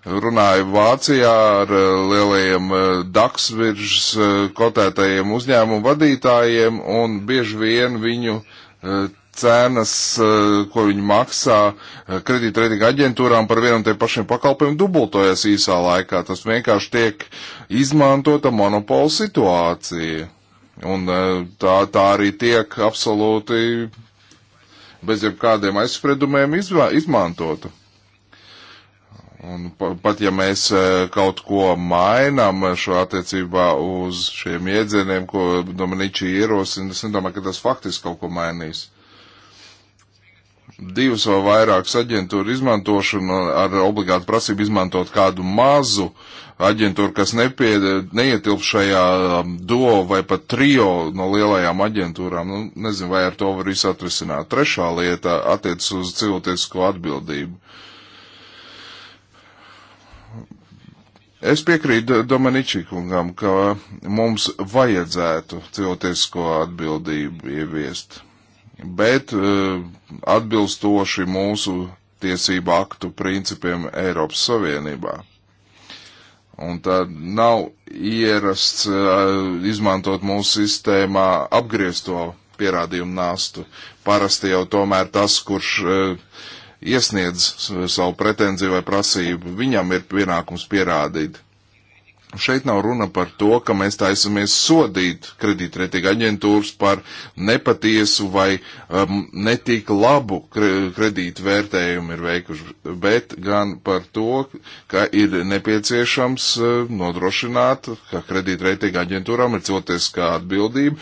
runāju Vācijā ar eh, lielajiem eh, DAX viržas eh, kotētajiem uzņēmumu vadītājiem, un bieži vien viņu cenas, ko viņi maksā kredītreitinga aģentūrām par vienu un tie pašiem pakalpojumiem dubultojas īsā laikā. Tas vienkārši tiek izmantota monopola situācija. Un tā, tā arī tiek absolūti bez jebkādiem aizspriedumiem izmantota. Un pat ja mēs eh, kaut ko mainām eh, šo attiecībā uz šiem iedzieniem, ko Dominiči ierosina, es nedomāju, ka tas faktiski kaut ko mainīs. Divas vai vairākas aģentūra izmantošana ar obligātu prasību izmantot kādu mazu aģentūru, kas nepie, neietilp šajā um, do vai pat trio no lielajām aģentūrām. Nu, nezinu, vai ar to var visu atrisināt. Trešā lieta attiec uz cilvēcisko atbildību. Uh, Es piekrītu Domaničikungam, ka mums vajadzētu cilvēcisko atbildību ieviest, bet eh, atbilstoši mūsu tiesību aktu principiem Eiropas Savienībā. Un tad nav ierasts eh, izmantot mūsu sistēmā apgriezto pierādījumu nāstu. Parasti jau tomēr tas, kurš uh, iesniedz savu pretenziju vai prasību, viņam ir pienākums pierādīt. Šeit nav runa par to, ka mēs taisamies sodīt kredītrētīgu aģentūras par nepatiesu vai um, netīk labu kredītu vērtējumu ir veikuši, bet gan par to, ka ir nepieciešams uh, nodrošināt, ka kredītrētīgu aģentūrām ir cilvēciskā atbildība,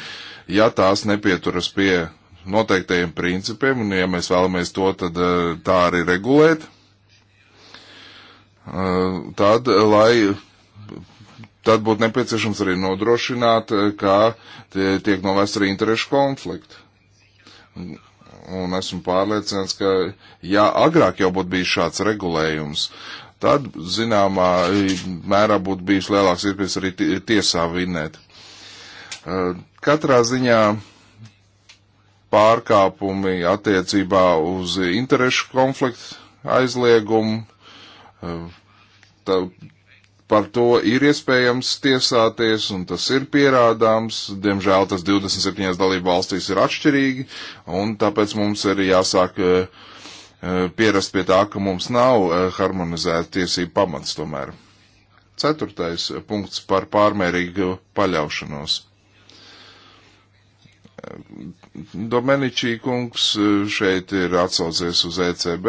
ja tās nepieturas pie noteiktajiem principiem, un ja mēs vēlamies to, tad eh, tā arī regulēt, eh, tad, eh, lai tad būtu nepieciešams arī nodrošināt, ka tie, tiek novērst arī interešu konflikti. Un, un esmu pārliecināts, ka ja agrāk jau būtu bijis šāds regulējums, tad, zināmā mērā, būtu bijis lielāks iespējas arī tiesā vinēt. Katrā ziņā pārkāpumi attiecībā uz interešu konfliktu aizliegumu. Tā, par to ir iespējams tiesāties, un tas ir pierādāms. Diemžēl tas 27 dalību valstīs ir atšķirīgi, un tāpēc mums ir jāsāk eh, eh, pierast pie tā, ka mums nav eh, harmonizēta tiesība pamats tomēr. Ceturtais punkts par pārmērīgu paļaušanos Domeničī kungs eh, šeit ir atsaucies uz ECB.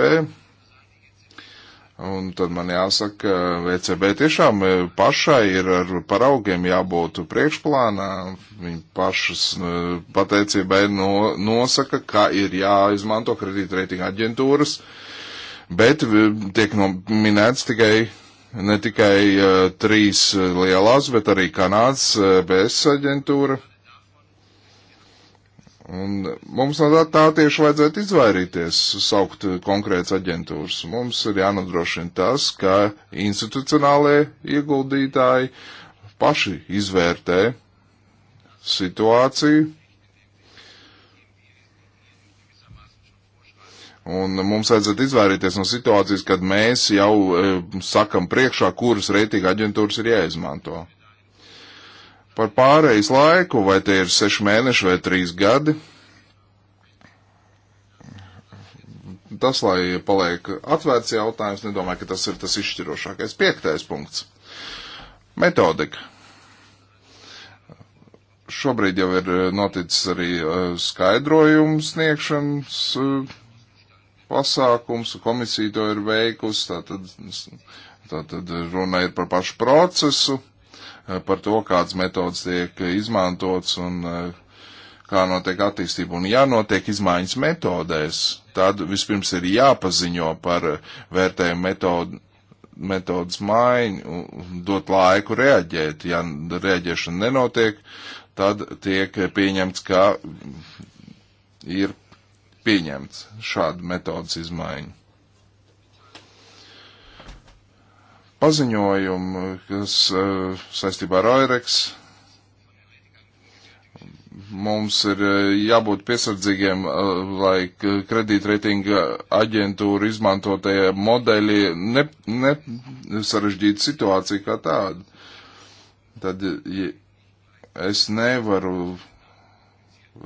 Un tad man jāsaka, ECB tiešām eh, pašai ir ar paraugiem jābūt priekšplānā. Viņa pašas eh, pateicībai no, nosaka, ka ir jāizmanto kredītreitinga aģentūras, bet tiek minēts tikai ne tikai uh, trīs lielās, bet arī Kanādas BS aģentūra. Un mums no tā tieši vajadzētu izvairīties, saukt konkrētas aģentūras. Mums ir jānodrošina tas, ka institucionālie ieguldītāji paši izvērtē situāciju. Un mums vajadzētu izvairīties no situācijas, kad mēs jau e, sakam priekšā, kuras reitinga aģentūras ir jāizmanto par pārejas laiku, vai tie ir seši mēneši vai trīs gadi. Tas, lai paliek atvērts jautājums, nedomāju, ka tas ir tas izšķirošākais. Piektais punkts. Metodika. Šobrīd jau ir eh, noticis arī eh, skaidrojums sniegšanas eh, pasākums, komisija to ir veikusi, tātad, tātad runa ir par pašu procesu Eh, par to, kādas metodas tiek izmantotas un eh, kā notiek attīstība. Un ja notiek izmaiņas metodēs, tad vispirms ir jāpaziņo par eh, vērtējumu metodu metodas maiņu, dot laiku reaģēt. Ja reaģēšana nenotiek, tad tiek pieņemts, ka ir pieņemts šāda metodas izmaiņa. paziņojumu, kas eh, saistībā ar AIREX. Mums ir eh, jābūt piesardzīgiem, eh, lai kredītreitinga aģentūra izmantotie modeļi nesarežģītu ne, ne situāciju kā tādu. Tad ja es nevaru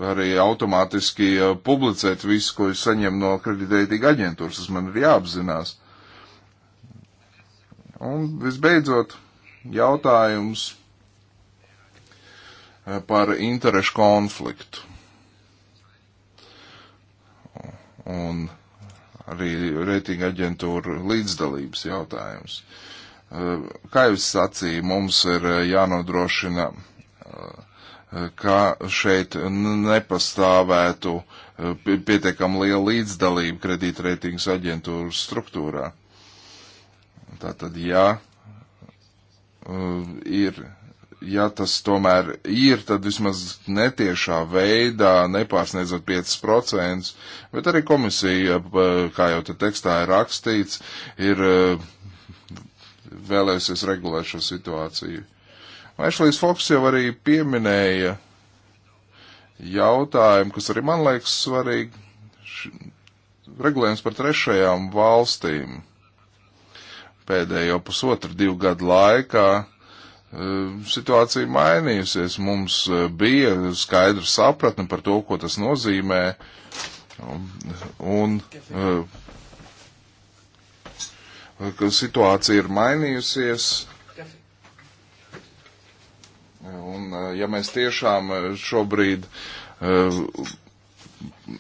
arī automātiski publicēt visu, ko es saņemu no kredītreitinga aģentūras. Tas man ir jāapzinās. Un visbeidzot, jautājums eh, par interešu konfliktu. Un arī reitinga aģentūra līdzdalības jautājums. Eh, kā jūs sacīja, mums ir eh, jānodrošina, ka šeit nepastāvētu pietiekam liela līdzdalība kredītreitingas aģentūras struktūrā. Tātad, ja uh, ir, ja tas tomēr ir, tad vismaz netiešā veidā nepārsniedzot 5%, bet arī komisija, kā jau te tekstā ir rakstīts, ir uh, vēlēsies regulēt šo situāciju. Maišlīs Foks jau arī pieminēja jautājumu, kas arī man liekas svarīgi, regulējums par trešajām valstīm pēdējo pusotru divu gadu laikā e, situācija mainījusies. Mums e, bija skaidra sapratne par to, ko tas nozīmē. Un, un e, situācija ir mainījusies. Un, ja mēs tiešām šobrīd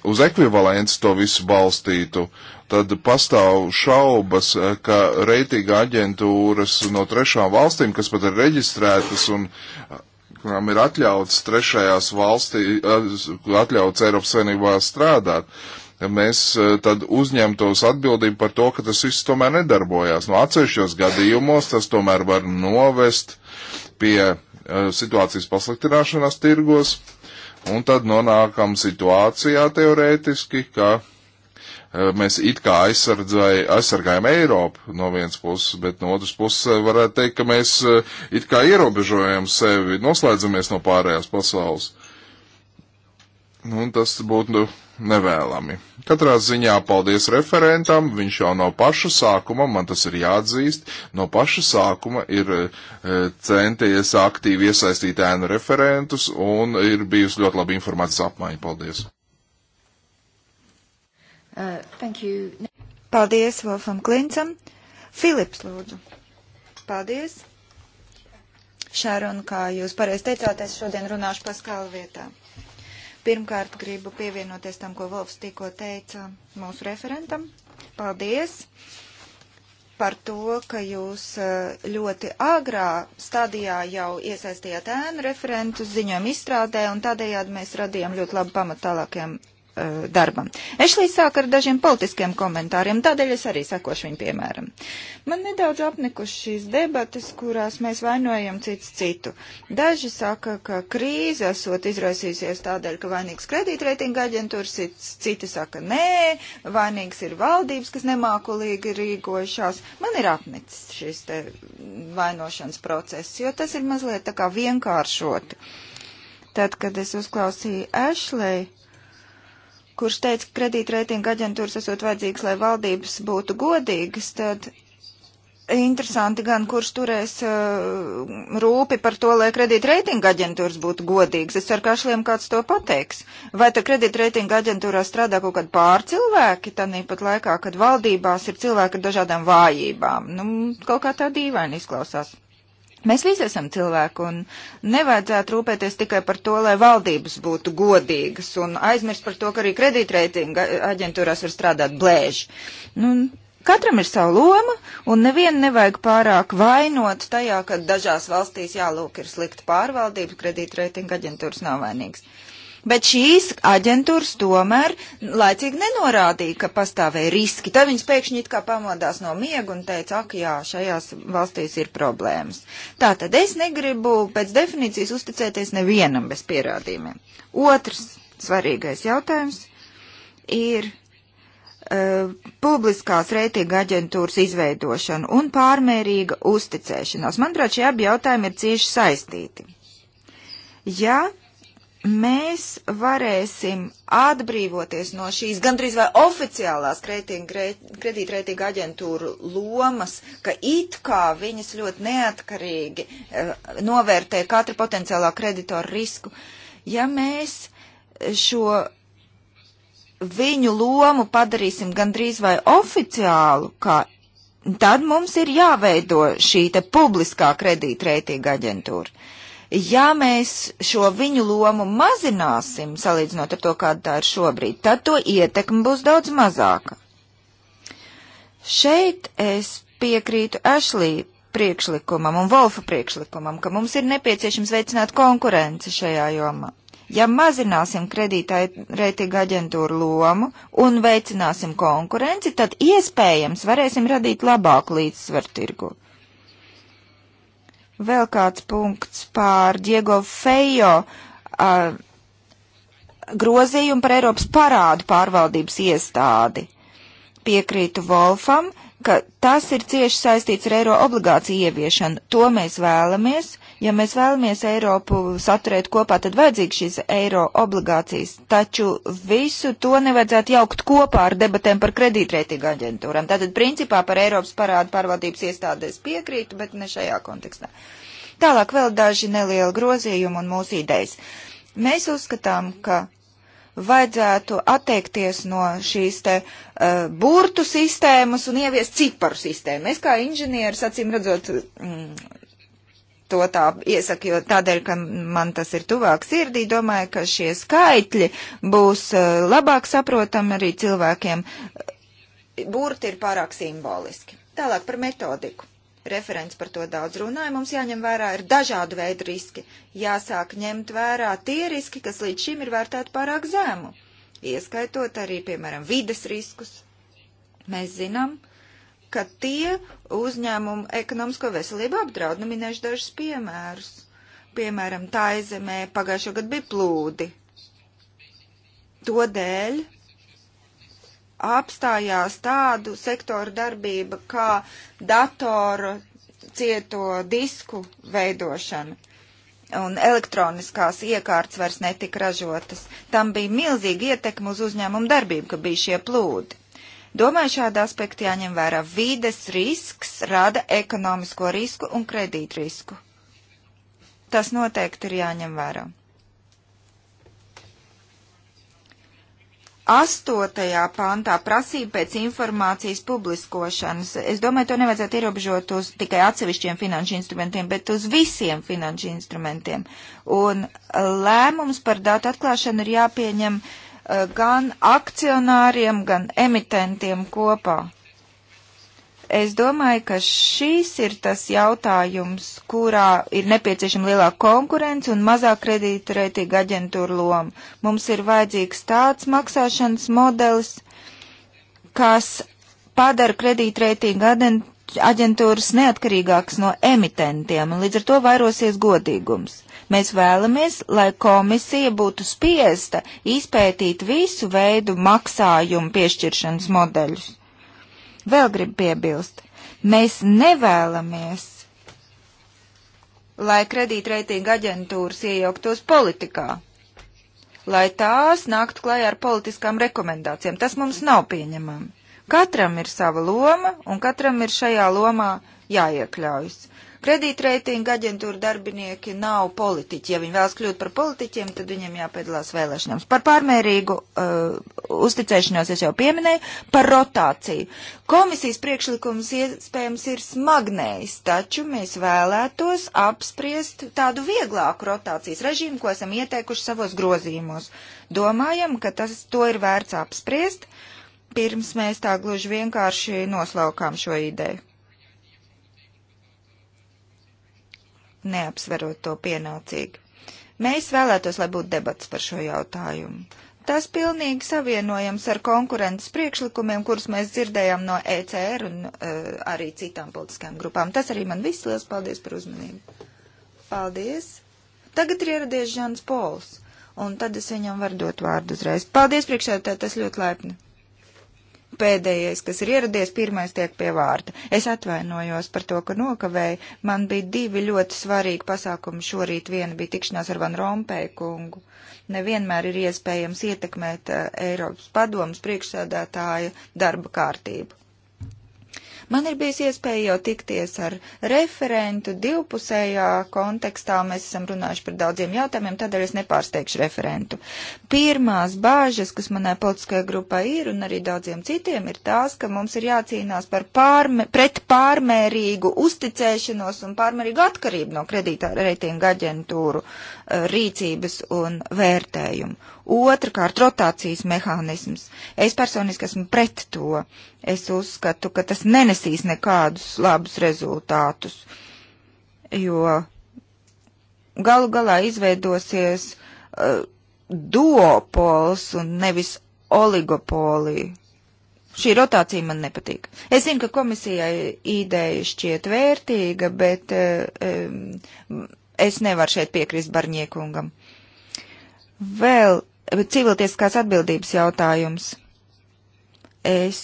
uz ekvivalents to visu balstītu, tad pastāv šaubas, eh, ka reitinga aģentūras no trešām valstīm, kas pat ir reģistrētas un eh, kurām ir atļauts trešajās valstī, eh, atļauts Eiropas Savienībā strādāt, mēs tad uzņemtos atbildību par to, ka tas viss tomēr nedarbojās. No atsevišķos gadījumos tas tomēr var novest pie uh, situācijas pasliktināšanās tirgos, un tad nonākam situācijā teorētiski, ka Eh, mēs it kā aizsargājam Eiropu no vienas puses, bet no otras puses eh, varētu teikt, ka mēs eh, it kā ierobežojam sevi, noslēdzamies no pārējās pasaules. Nu, un tas būtu nevēlami. Katrā ziņā paldies referentam, viņš jau no paša sākuma, man tas ir jāatzīst, no paša sākuma ir e, centies aktīvi iesaistīt ēnu referentus un ir bijusi ļoti laba informācijas apmaiņa. Paldies! Uh, thank you. Paldies Wolfam Klincam. Filips, lūdzu. Paldies. Šārun, kā jūs pareiz teicāt, es šodien runāšu paskālu vietā. Pirmkārt, gribu pievienoties tam, ko Volfs tikko teica mūsu referentam. Paldies par to, ka jūs uh, ļoti agrā stadijā jau iesaistījāt ēnu referentu ziņojumu izstrādē, un tādējādi mēs radījām ļoti labu pamatu tālākiem uh, darbam. Ešlī sāk ar dažiem politiskiem komentāriem, tādēļ es arī sakošu viņu piemēram. Man nedaudz apnikuši šīs debatas, kurās mēs vainojam cits citu. Daži saka, ka krīze esot izraisījusies tādēļ, ka vainīgs kredītreitinga aģentūras, citi saka, nē, vainīgs ir valdības, kas nemākulīgi rīkojušās. Man ir apnicis šis te vainošanas process, jo tas ir mazliet tā kā vienkāršoti. Tad, kad es uzklausīju Ashley, kurš teica, ka kredītreitinga aģentūras esot vajadzīgas, lai valdības būtu godīgas, tad interesanti gan, kurš turēs uh, rūpi par to, lai kredītreitinga aģentūras būtu godīgas. Es ceru, ka Ašliem kāds to pateiks. Vai tad kredītreitinga aģentūrā strādā kaut kādi pārcilvēki, tanīpat laikā, kad valdībās ir cilvēki ar dažādām vājībām? Nu, kaut kā tā dīvaini izklausās. Mēs visi esam cilvēki un nevajadzētu rūpēties tikai par to, lai valdības būtu godīgas un aizmirst par to, ka arī kredītreitinga aģentūrās var strādāt blēži. Nu, katram ir sava loma un nevienu nevajag pārāk vainot tajā, ka dažās valstīs jālūk ir slikta pārvaldība, kredītreitinga aģentūras nav vainīgas. Uh, bet šīs aģentūras tomēr laicīgi nenorādīja, ka pastāvēja riski. Tad viņas pēkšņi it kā pamodās no miega un teica, ak jā, šajās valstīs ir problēmas. Tātad es negribu pēc definīcijas uzticēties nevienam bez pierādījumiem. Otrs svarīgais jautājums ir e, publiskās reitinga aģentūras izveidošana un pārmērīga uzticēšanās. Manuprāt, šie abi jautājumi ir cieši saistīti. Ja mēs varēsim atbrīvoties no šīs gandrīz vai oficiālās kredītreitinga aģentūru lomas, ka it kā viņas ļoti neatkarīgi uh, novērtē katru potenciālā kreditoru risku. Ja mēs šo viņu lomu padarīsim gandrīz vai oficiālu, kā tad mums ir jāveido šī te publiskā kredītreitinga aģentūra. Ja mēs šo viņu lomu mazināsim, salīdzinot ar to, kāda tā ir šobrīd, tad to ietekme būs daudz mazāka. Šeit es piekrītu Ešlī priekšlikumam un Volfa priekšlikumam, ka mums ir nepieciešams veicināt konkurenci šajā jomā ja mazināsim kredītāju reitinga aģentūru lomu un veicināsim konkurenci, tad iespējams varēsim radīt labāku līdzsvaru tirgu. Vēl kāds punkts pār Diego Fejo uh, grozījumu par Eiropas parādu pārvaldības iestādi. Piekrītu Volfam, ka tas ir cieši saistīts ar eiro obligāciju ieviešanu. To mēs vēlamies. Uh, Ja mēs vēlamies Eiropu saturēt kopā, tad vajadzīgs šīs eiro obligācijas, taču visu to nevajadzētu jaukt kopā ar debatēm par kredītreitinga aģentūram. Tātad principā par Eiropas parādu pārvaldības iestādēs piekrītu, bet ne šajā kontekstā. Tālāk vēl daži nelieli grozījumi un mūsu idejas. Mēs uzskatām, ka vajadzētu atteikties no šīs te uh, burtu sistēmas un ieviest ciparu sistēmu. Es kā inženieris, acīm redzot, mm, to tā iesaku, jo tādēļ, ka man tas ir tuvāk sirdī, domāju, ka šie skaitļi būs eh, labāk saprotami arī cilvēkiem. Burti ir pārāk simboliski. Tālāk par metodiku. Referents par to daudz runāja. Mums jāņem vērā ir dažādu veidu riski. Jāsāk ņemt vērā tie riski, kas līdz šim ir vērtēti pārāk zēmu. Ieskaitot arī, piemēram, vides riskus. Mēs zinām, uh, ka tie uzņēmumu ekonomisko veselību apdraud. Nu, minēšu dažus piemērus. Piemēram, tā aizemē pagājušo gadu bija plūdi. Todēļ apstājās tādu sektoru darbība kā datoru cieto disku veidošana un elektroniskās iekārtas vairs netika ražotas. Tam bija milzīga ietekme uz uzņēmumu darbību, ka bija šie plūdi. Domāju, šāda aspekta jāņem vērā. Vides risks rada ekonomisko risku un kredīt risku. Tas noteikti ir jāņem vērā. Astotajā pāntā prasība pēc informācijas publiskošanas. Es domāju, to nevajadzētu ierobežot uz tikai atsevišķiem finanšu instrumentiem, bet uz visiem finanšu instrumentiem. Un lēmums par datu atklāšanu ir jāpieņem uh, Eh, gan akcionāriem, gan emitentiem kopā. Es domāju, ka šīs ir tas jautājums, kurā ir nepieciešama lielāka konkurence un mazāk kredītreitīga aģentūra loma. Mums ir vajadzīgs tāds maksāšanas modelis, kas padara kredītreitīga aģentūras neatkarīgāks no emitentiem, un līdz ar to vairosies godīgums. Mēs vēlamies, lai komisija būtu spiesta izpētīt visu veidu maksājumu piešķiršanas modeļus. Vēl gribu piebilst, mēs nevēlamies, lai kredītreitinga aģentūras iejauktos politikā, lai tās nāktu klajā ar politiskām rekomendācijām. Tas mums nav pieņemami. Katram ir sava loma, un katram ir šajā lomā jāiekļaujas. Kredītreitinga aģentūra darbinieki nav politiķi. Ja viņi vēlas kļūt par politiķiem, tad viņiem jāpiedalās vēlēšanām. Par pārmērīgu uh, uzticēšanos es jau pieminēju, par rotāciju. Komisijas priekšlikums iespējams ir smagnējs, taču mēs vēlētos apspriest tādu vieglāku rotācijas režīmu, ko esam ieteikuši savos grozījumos. Domājam, ka tas, to ir vērts apspriest, pirms mēs tā gluži vienkārši noslaukām šo ideju. neapsverot to pienācīgi. Mēs vēlētos, lai būtu debats par šo jautājumu. Tas pilnīgi savienojams ar konkurences priekšlikumiem, kurus mēs dzirdējām no ECR un uh, arī citām politiskām grupām. Tas arī man viss liels paldies par uzmanību. Paldies! Tagad ir ieradies Žans Pols, un tad es viņam varu dot vārdu uzreiz. Paldies priekšētāji, tas ļoti laipni pēdējais, kas ir ieradies, pirmais tiek pie vārta. Es atvainojos par to, ka nokavēju. Man bija divi ļoti svarīgi pasākumi šorīt. Viena bija tikšanās ar Van Rompēju kungu. Nevienmēr ir iespējams ietekmēt uh, Eiropas padomas priekšsēdētāja darba kārtību. Man ir bijis iespēja jau tikties ar referentu divpusējā kontekstā, mēs esam runājuši par daudziem jautājumiem, tādēļ es nepārsteigšu referentu. Pirmās bāžas, kas manai politiskajai grupai ir un arī daudziem citiem, ir tās, ka mums ir jācīnās par pārme, pret pārmērīgu uzticēšanos un pārmērīgu atkarību no kredītā reitinga aģentūru eh, rīcības un vērtējumu. Otrakārt, rotācijas mehānisms. Es personiski esmu pret to. Es uzskatu, ka tas nenesīs nekādus labus rezultātus, jo galu galā izveidosies uh, duopols un nevis oligopolija. Šī rotācija man nepatīk. Es zinu, ka komisijai ideja šķiet vērtīga, bet um, es nevaru šeit piekrist Barņiekungam. Vēl civiltieskās atbildības jautājums. Es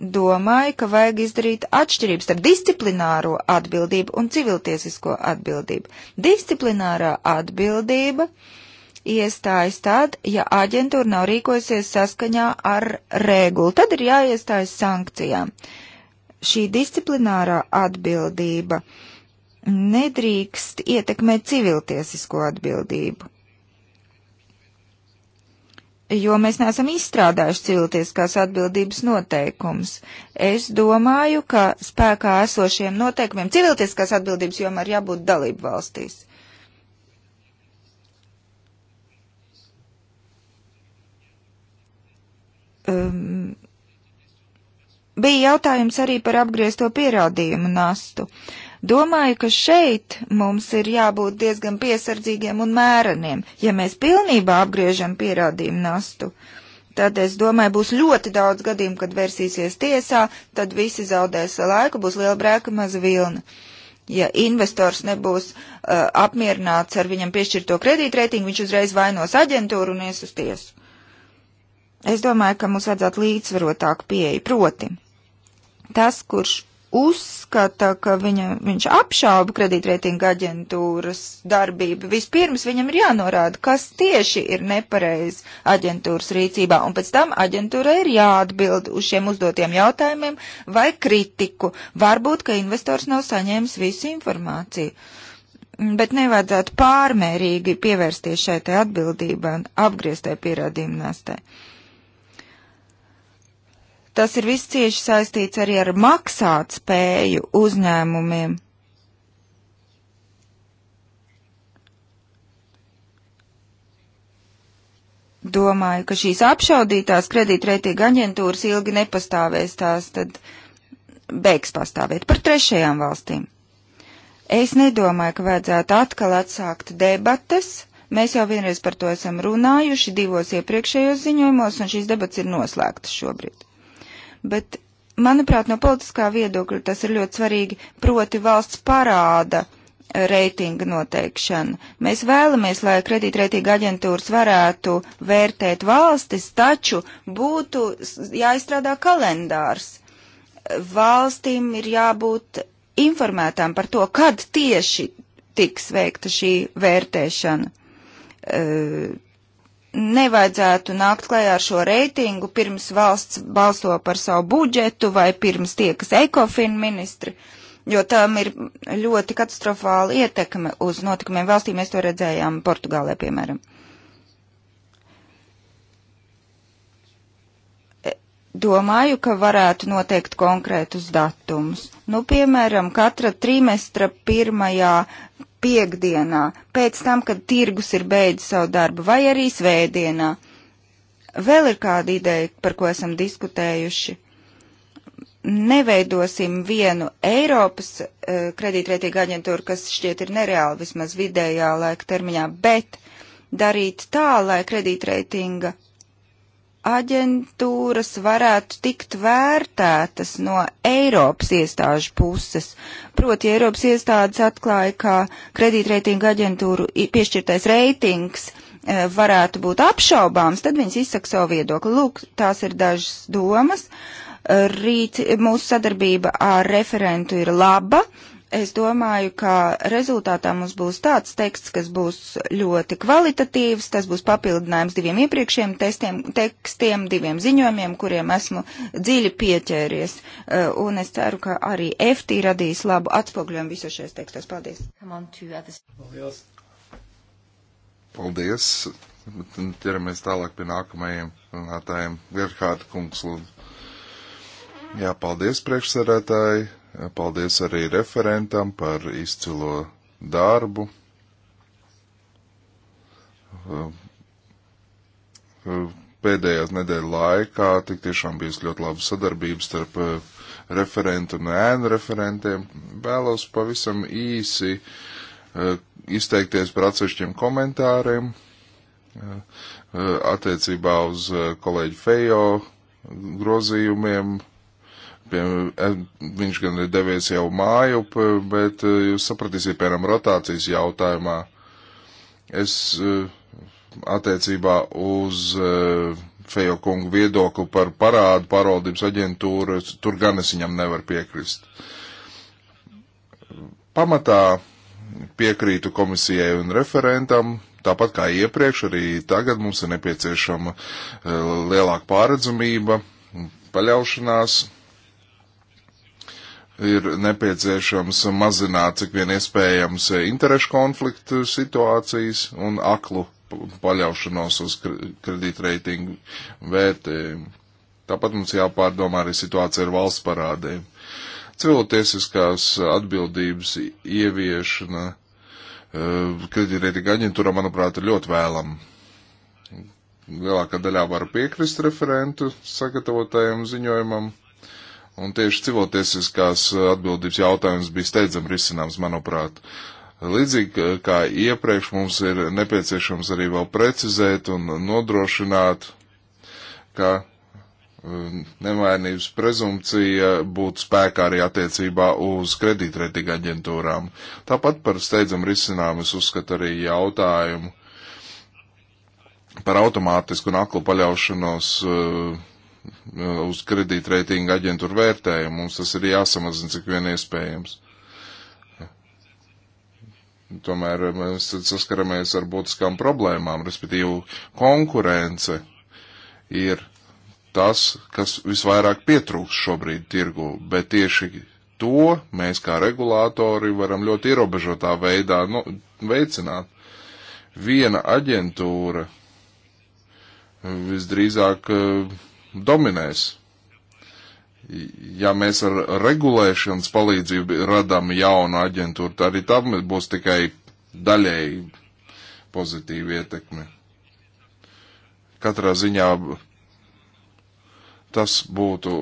domāju, ka vajag izdarīt atšķirības starp disciplināro atbildību un civiltiesisko atbildību. Disciplinārā atbildība iestājas tad, ja aģentūra nav rīkojusies saskaņā ar regulu, tad ir jāiestājas sankcijām. Šī disciplinārā atbildība nedrīkst ietekmēt civiltiesisko atbildību jo mēs neesam izstrādājuši cilvēciskās atbildības noteikumus. Es domāju, ka spēkā esošiem noteikumiem cilvēciskās atbildības jomā ir jābūt dalību valstīs. Um, bija jautājums arī par apgriezto pierādījumu nastu. Uh, Domāju, ka šeit mums ir jābūt diezgan piesardzīgiem un mēreniem. Ja mēs pilnībā apgriežam pierādījumu nastu, tad es domāju, būs ļoti daudz gadījumu, kad versīsies tiesā, tad visi zaudēs laiku, būs liela brēka, maza vilna. Ja investors nebūs uh, apmierināts ar viņam piešķirto kredītreitingu, viņš uzreiz vainos aģentūru un ies uz tiesu. Es domāju, ka mums vajadzētu līdzsvarotāku pieeju. Proti, tas, kurš uzskata, ka viņa, viņš apšauba kredītreitinga aģentūras darbību, vispirms viņam ir jānorāda, kas tieši ir nepareizi aģentūras rīcībā, un pēc tam aģentūrai ir jāatbild uz šiem uzdotiem jautājumiem vai kritiku. Varbūt, ka investors nav saņēmis visu informāciju. Bet nevajadzētu pārmērīgi pievērsties šai atbildībai un apgrieztai pierādījumu nastai. Uh, Tas ir viss cieši saistīts arī ar maksātspēju uzņēmumiem. domāju, ka šīs apšaudītās kredītreitīga aģentūras ilgi nepastāvēs tās, tad beigs pastāvēt par trešajām valstīm. Es nedomāju, ka vajadzētu atkal atsākt debates. Mēs jau vienreiz par to esam runājuši divos iepriekšējos ziņojumos, un šīs debats ir noslēgtas šobrīd bet, manuprāt, no politiskā viedokļa tas ir ļoti svarīgi, proti valsts parāda eh, reitinga noteikšana. Mēs vēlamies, lai kredītreitinga aģentūras varētu vērtēt valstis, taču būtu jāizstrādā kalendārs. Valstīm ir jābūt informētām par to, kad tieši tiks veikta šī vērtēšana. Uh, nevajadzētu nākt klajā ar šo reitingu pirms valsts balso par savu budžetu vai pirms tiekas ekofin ministri, jo tam ir ļoti katastrofāla ietekme uz notikumiem valstī. Mēs to redzējām Portugālē, piemēram. E, domāju, ka varētu noteikt konkrētus datumus. Nu, piemēram, katra trimestra pirmajā piekdienā, pēc tam, kad tirgus ir beidzis savu darbu, vai arī svētdienā. Vēl ir kāda ideja, par ko esam diskutējuši. Neveidosim vienu Eiropas uh, eh, kredītrētīgu aģentūru, kas šķiet ir nereāli vismaz vidējā laika termiņā, bet darīt tā, lai kredītreitinga aģentūras varētu tikt vērtētas no Eiropas iestāžu puses. Proti, Eiropas iestādes atklāja, ka kredītreitinga aģentūru piešķirtais reitings e, varētu būt apšaubāms, tad viņas izsaka savu viedokli. Lūk, tās ir dažas domas. Rīt mūsu sadarbība ar referentu ir laba. Es domāju, ka rezultātā mums būs tāds teksts, kas būs ļoti kvalitatīvs, tas būs papildinājums diviem iepriekšējiem testiem, tekstiem, diviem ziņojumiem, kuriem esmu dziļi pieķēries. Uh, un es ceru, ka arī FT radīs labu atspogļojumu visos šajos tekstos. Paldies! Paldies! Paldies! Ķeramies tālāk pie nākamajiem runātājiem. Gerhārta kungs, lūdzu. Jā, paldies priekšsarētāji! Paldies arī referentam par izcilo darbu. Pēdējās nedēļa laikā tik tiešām bijusi ļoti laba sadarbība starp eh, referentu un ēnu referentiem. Vēlos pavisam īsi eh, izteikties par atsevišķiem komentāriem eh, attiecībā uz kolēģi Fejo grozījumiem Pie, viņš gan ir devies jau māju, bet eh, jūs sapratīsiet, piemēram, rotācijas jautājumā. Es eh, attiecībā uz eh, Fejo kungu viedokli par parādu pārvaldības aģentūru, tur gan es viņam nevaru piekrist. Pamatā piekrītu komisijai un referentam, tāpat kā iepriekš, arī tagad mums ir nepieciešama lielāka pārredzamība, paļaušanās ir nepieciešams mazināt, cik vien iespējams, interešu konfliktu situācijas un aklu paļaušanos uz kredītreitingu vērtējumu. Tāpat mums jāpārdomā arī situācija ar valsts parādēm. Civiltiesiskās atbildības ieviešana eh, kredītreitinga aģentūra, manuprāt, ir ļoti vēlama lielākā daļā varu piekrist referentu sagatavotajam ziņojumam. Un tieši civiltiesiskās eh, atbildības jautājums bija steidzam risināms, manuprāt. Līdzīgi eh, kā iepriekš mums ir nepieciešams arī vēl precizēt un nodrošināt, ka eh, nemainības prezumcija būtu spēkā arī attiecībā uz kredītreitinga aģentūrām. Tāpat par steidzam risinājumu es uzskatu arī jautājumu par automātisku naklu paļaušanos Uh, uz kredītreitinga aģentūru vērtējumu. Mums tas ir jāsamazina, cik vien iespējams. Tomēr uh, mēs saskaramies ar būtiskām problēmām, respektīvi konkurence ir tas, kas visvairāk pietrūks šobrīd tirgu, bet tieši to mēs kā regulātori varam ļoti ierobežotā veidā nu, veicināt. Viena aģentūra visdrīzāk uh, dominēs. Ja mēs ar regulēšanas palīdzību radām jaunu aģentūru, tad arī tam būs tikai daļēji pozitīva ietekme. Katrā ziņā tas būtu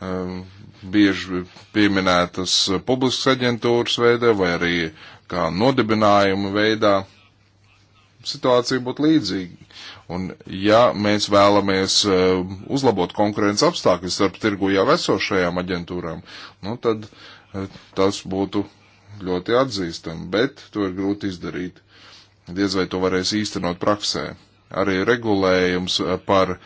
um, bieži pieminētas publiskas aģentūras veidē vai arī kā nodibinājuma veidā situācija būtu līdzīga. Un ja mēs vēlamies eh, uzlabot konkurences apstākļus starp tirgu jau esošajām aģentūrām, nu tad eh, tas būtu ļoti atzīstami, bet to ir grūti izdarīt. Diez vai to varēs īstenot praksē. Arī regulējums eh, par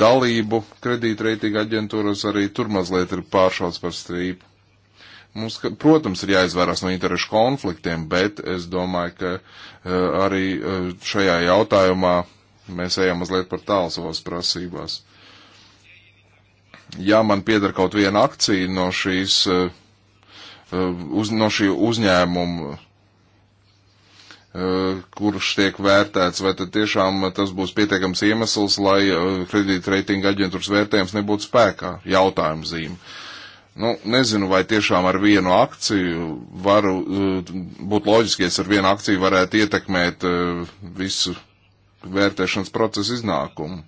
dalību kredītreitīga aģentūras arī tur mazliet ir pāršauts par strīpu. Mums, protams, ir jāizvairās no interešu konfliktiem, bet es domāju, ka eh, arī eh, šajā jautājumā mēs ejam mazliet par tālu savās prasībās. Ja man pieder kaut viena akcija no šīs, eh, uz, no šī uzņēmuma, kurš tiek vērtēts, vai tad tiešām tas būs pietiekams iemesls, lai kredītreitinga aģentūras vērtējums nebūtu spēkā? Jautājums zīme. Uh, Nu, nezinu, vai tiešām ar vienu akciju varu eh, būt loģiski, es ar vienu akciju varētu ietekmēt eh, visu vērtēšanas procesu iznākumu.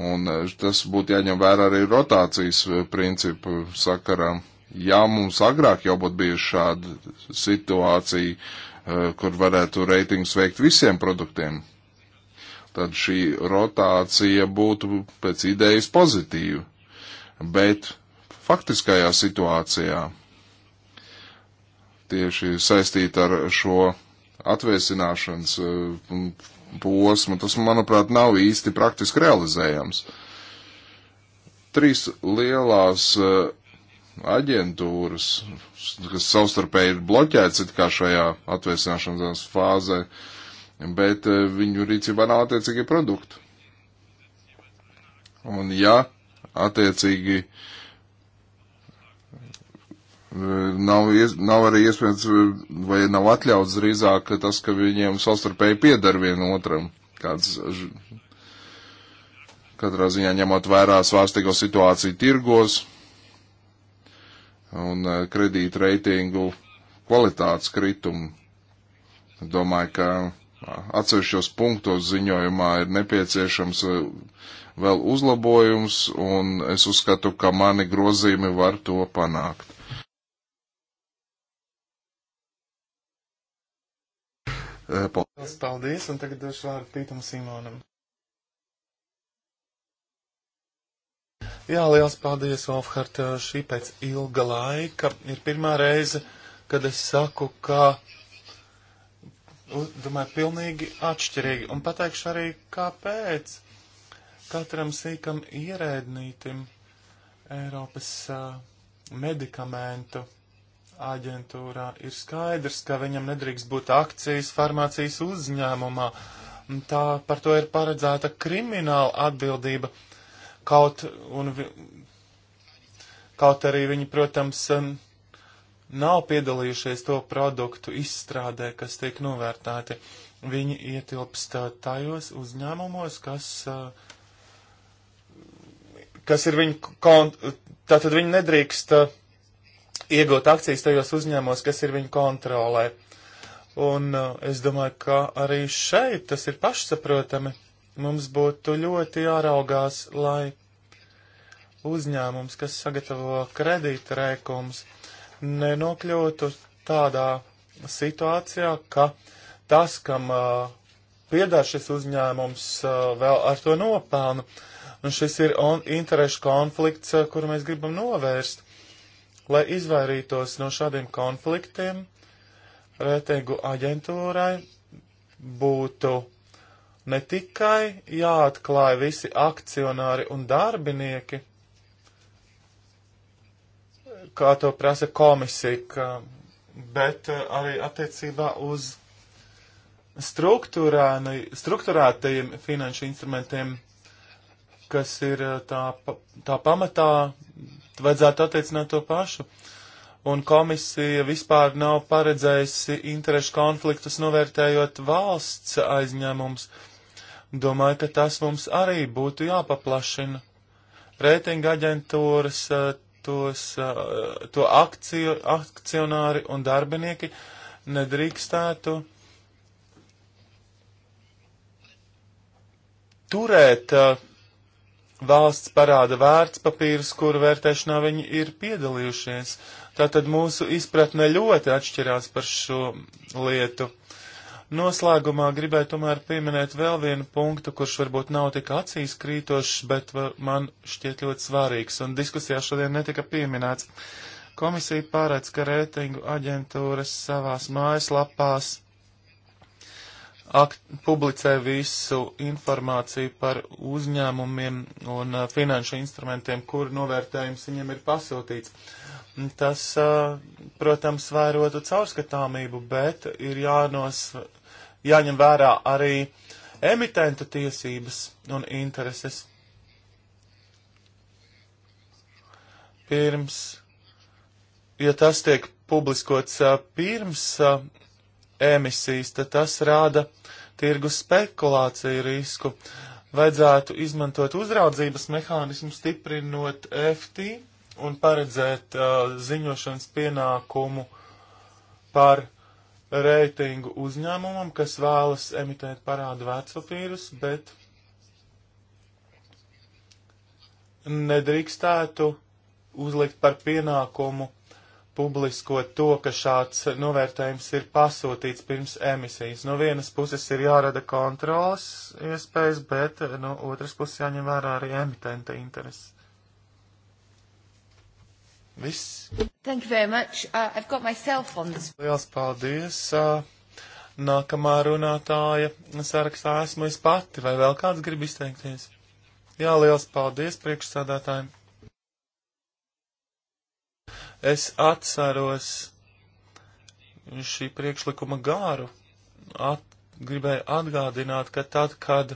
Un eh, tas būtu jāņem vērā arī rotācijas principu sakarā. Ja mums agrāk jau būtu bijusi šāda situācija, kur varētu reitingus veikt visiem produktiem, tad šī rotācija būtu pēc idejas pozitīva. Bet faktiskajā situācijā tieši saistīta ar šo atvēsināšanas uh, posmu, tas, manuprāt, nav īsti praktiski realizējams. Trīs lielās uh, aģentūras, kas savstarpēji ir bloķēts it kā šajā atvēsināšanas fāzē, bet uh, viņu rīcībā nav attiecīgi produktu. Un ja attiecīgi uh, Nav, nav arī iespējams, vai nav atļauts drīzāk tas, ka viņiem savstarpēji piedar vienam otram. Kāds, katrā ziņā ņemot vērā svārstīgo situāciju tirgos un eh, kredīta reitingu kvalitātes kritumu. Domāju, ka atsevišķos punktos ziņojumā ir nepieciešams eh, vēl uzlabojums, un es uzskatu, ka mani grozījumi var to panākt. Eh, paldies, paldies un tagad došu vārdu Pītam Simonam. Jā, liels paldies, Wolfhard. Eh, šī pēc ilga laika ir pirmā reize, kad es saku, ka, domāju, pilnīgi atšķirīgi. Un pateikšu arī, kāpēc katram sīkam ierēdnītim Eiropas uh, medikamentu aģentūrā, ir skaidrs, ka viņam nedrīkst būt akcijas farmācijas uzņēmumā. Tā par to ir paredzēta krimināla atbildība. Kaut, un, kaut arī viņi, protams, um, nav piedalījušies to produktu izstrādē, kas tiek novērtēti. Viņi ietilpst uh, tajos uzņēmumos, kas, uh, kas ir viņu kont... Tātad viņi nedrīkst uh, iegūt akcijas tajos uzņēmumos, kas ir viņu kontrolē. Un uh, es domāju, ka arī šeit tas ir pašsaprotami. Mums būtu ļoti jāraugās, lai uzņēmums, kas sagatavo kredīta rēkums, nenokļūtu tādā situācijā, ka tas, kam uh, piedār šis uzņēmums, uh, vēl ar to nopelnu. Un šis ir on, interešu konflikts, uh, kuru mēs gribam novērst. Lai izvairītos no šādiem konfliktiem, reitingu aģentūrai būtu ne tikai jāatklāj visi akcionāri un darbinieki, kā to prasa komisija, bet eh, arī attiecībā uz struktūrētajiem finanšu instrumentiem, kas ir eh, tā, tā pamatā vajadzētu attiecināt to pašu. Un komisija vispār nav paredzējusi interešu konfliktus novērtējot valsts aizņēmums. Domāju, ka tas mums arī būtu jāpaplašina. Reitinga aģentūras, eh, tos, eh, to akciju, akcionāri un darbinieki nedrīkstētu turēt uh, valsts parāda vērtspapīrus, kuru vērtēšanā viņi ir piedalījušies. Tātad mūsu izpratne ļoti atšķirās par šo lietu. Noslēgumā gribēju tomēr pieminēt vēl vienu punktu, kurš varbūt nav tik acīs krītošs, bet var, man šķiet ļoti svarīgs, un diskusijā šodien netika pieminēts. Komisija pārēc, ka reitingu aģentūras savās mājaslapās akt, publicē visu informāciju par uzņēmumiem un uh, finanšu instrumentiem, kur novērtējums viņiem ir pasūtīts. Tas, uh, protams, vērotu caurskatāmību, bet ir jānos, jāņem vērā arī emitentu tiesības un intereses. Pirms, ja tas tiek publiskots uh, pirms uh, emisijas, tad tas rāda tirgus spekulāciju risku. Vajadzētu izmantot uzraudzības mehānismu, stiprinot FT un paredzēt uh, ziņošanas pienākumu par reitingu uzņēmumam, kas vēlas emitēt parādu vērtspapīrus, bet nedrīkstētu uzlikt par pienākumu publisko to, ka šāds novērtējums ir pasūtīts pirms emisijas. No vienas puses ir jārada kontrols iespējas, bet no nu, otras puses jāņem vērā arī emitenta intereses. Viss. Thank you very much. Uh, I've got myself on this. Liels paldies. Uh, nākamā runātāja sarakstā esmu es pati. Vai vēl kāds grib izteikties? Jā, liels paldies priekšsādātājiem. Es atceros šī priekšlikuma gāru. At, gribēju atgādināt, ka tad, kad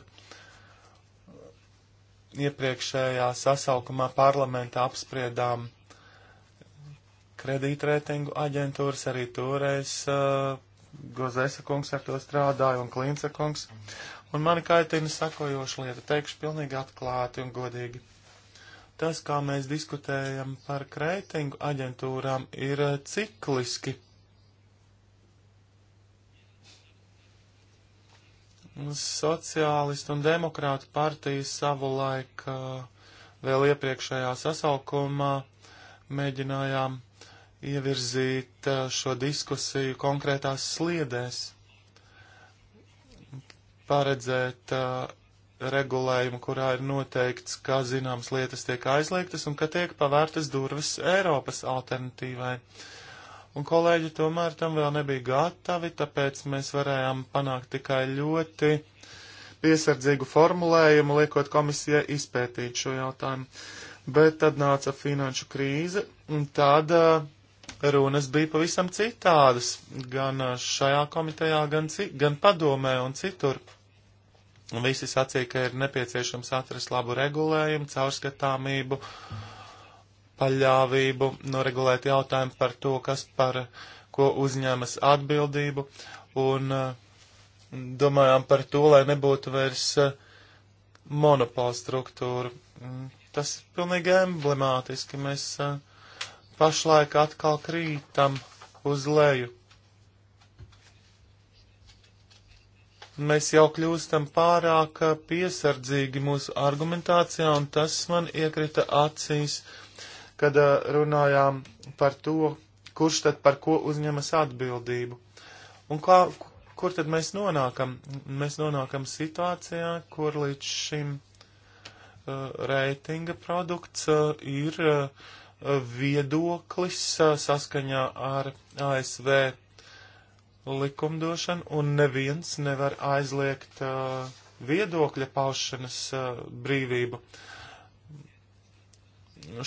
iepriekšējā sasaukumā parlamentā apspriedām kredītreitingu aģentūras, arī toreiz uh, Gozesa kungs ar to strādāja un Klinca kungs. Un mani kaitina sakojoša lieta, teikšu pilnīgi atklāti un godīgi Tas, kā mēs diskutējam par kreitingu aģentūrām, ir eh, cikliski. Sociālistu un demokrātu partijas savulaik eh, vēl iepriekšējā sasaukumā mēģinājām ievirzīt eh, šo diskusiju konkrētās sliedēs, paredzēt regulējumu, kurā ir noteikts, ka zināmas lietas tiek aizliegtas un ka tiek pavērtas durvis Eiropas alternatīvai. Un kolēģi tomēr tam vēl nebija gatavi, tāpēc mēs varējām panākt tikai ļoti piesardzīgu formulējumu, liekot komisijai izpētīt šo jautājumu. Bet tad nāca finanšu krīze, un tad uh, runas bija pavisam citādas, gan uh, šajā komitejā, gan, ci gan padomē un citur. Visi sacīja, ka ir nepieciešams atrast labu regulējumu, caurskatāmību, paļāvību, noregulēt jautājumu par to, kas par ko uzņēmas atbildību, un uh, domājām par to, lai nebūtu vairs uh, monopola struktūra. Mm, tas ir pilnīgi emblemātiski. Mēs uh, pašlaik atkal krītam uz leju. mēs jau kļūstam pārāk piesardzīgi mūsu argumentācijā, un tas man iekrita acīs, kad runājām par to, kurš tad par ko uzņemas atbildību. Un kā, kur tad mēs nonākam? Mēs nonākam situācijā, kur līdz šim uh, reitinga produkts uh, ir uh, viedoklis uh, saskaņā ar ASV likumdošanu, un neviens nevar aizliegt uh, viedokļa paušanas uh, brīvību.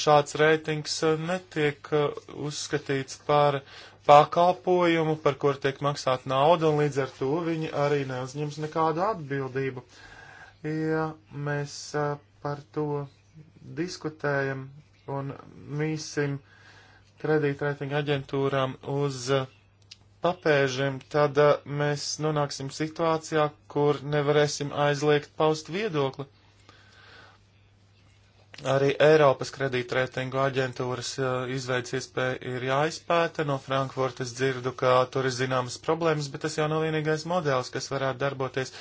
Šāds reitings uh, netiek uh, uzskatīts par pakalpojumu, par kur tiek maksāt nauda, un līdz ar to viņi arī neuzņems nekādu atbildību. Ja mēs uh, par to diskutējam un mīsim kredītreitinga aģentūrām uz uh, papēžam, tad uh, mēs nonāksim situācijā, kur nevarēsim aizliegt paust viedokli. Arī Eiropas kredītreitingu aģentūras uh, izveids iespēja ir jāizpēta. No Frankfurtes dzirdu, ka tur ir zināmas problēmas, bet tas jau nav vienīgais modelis, kas varētu darboties.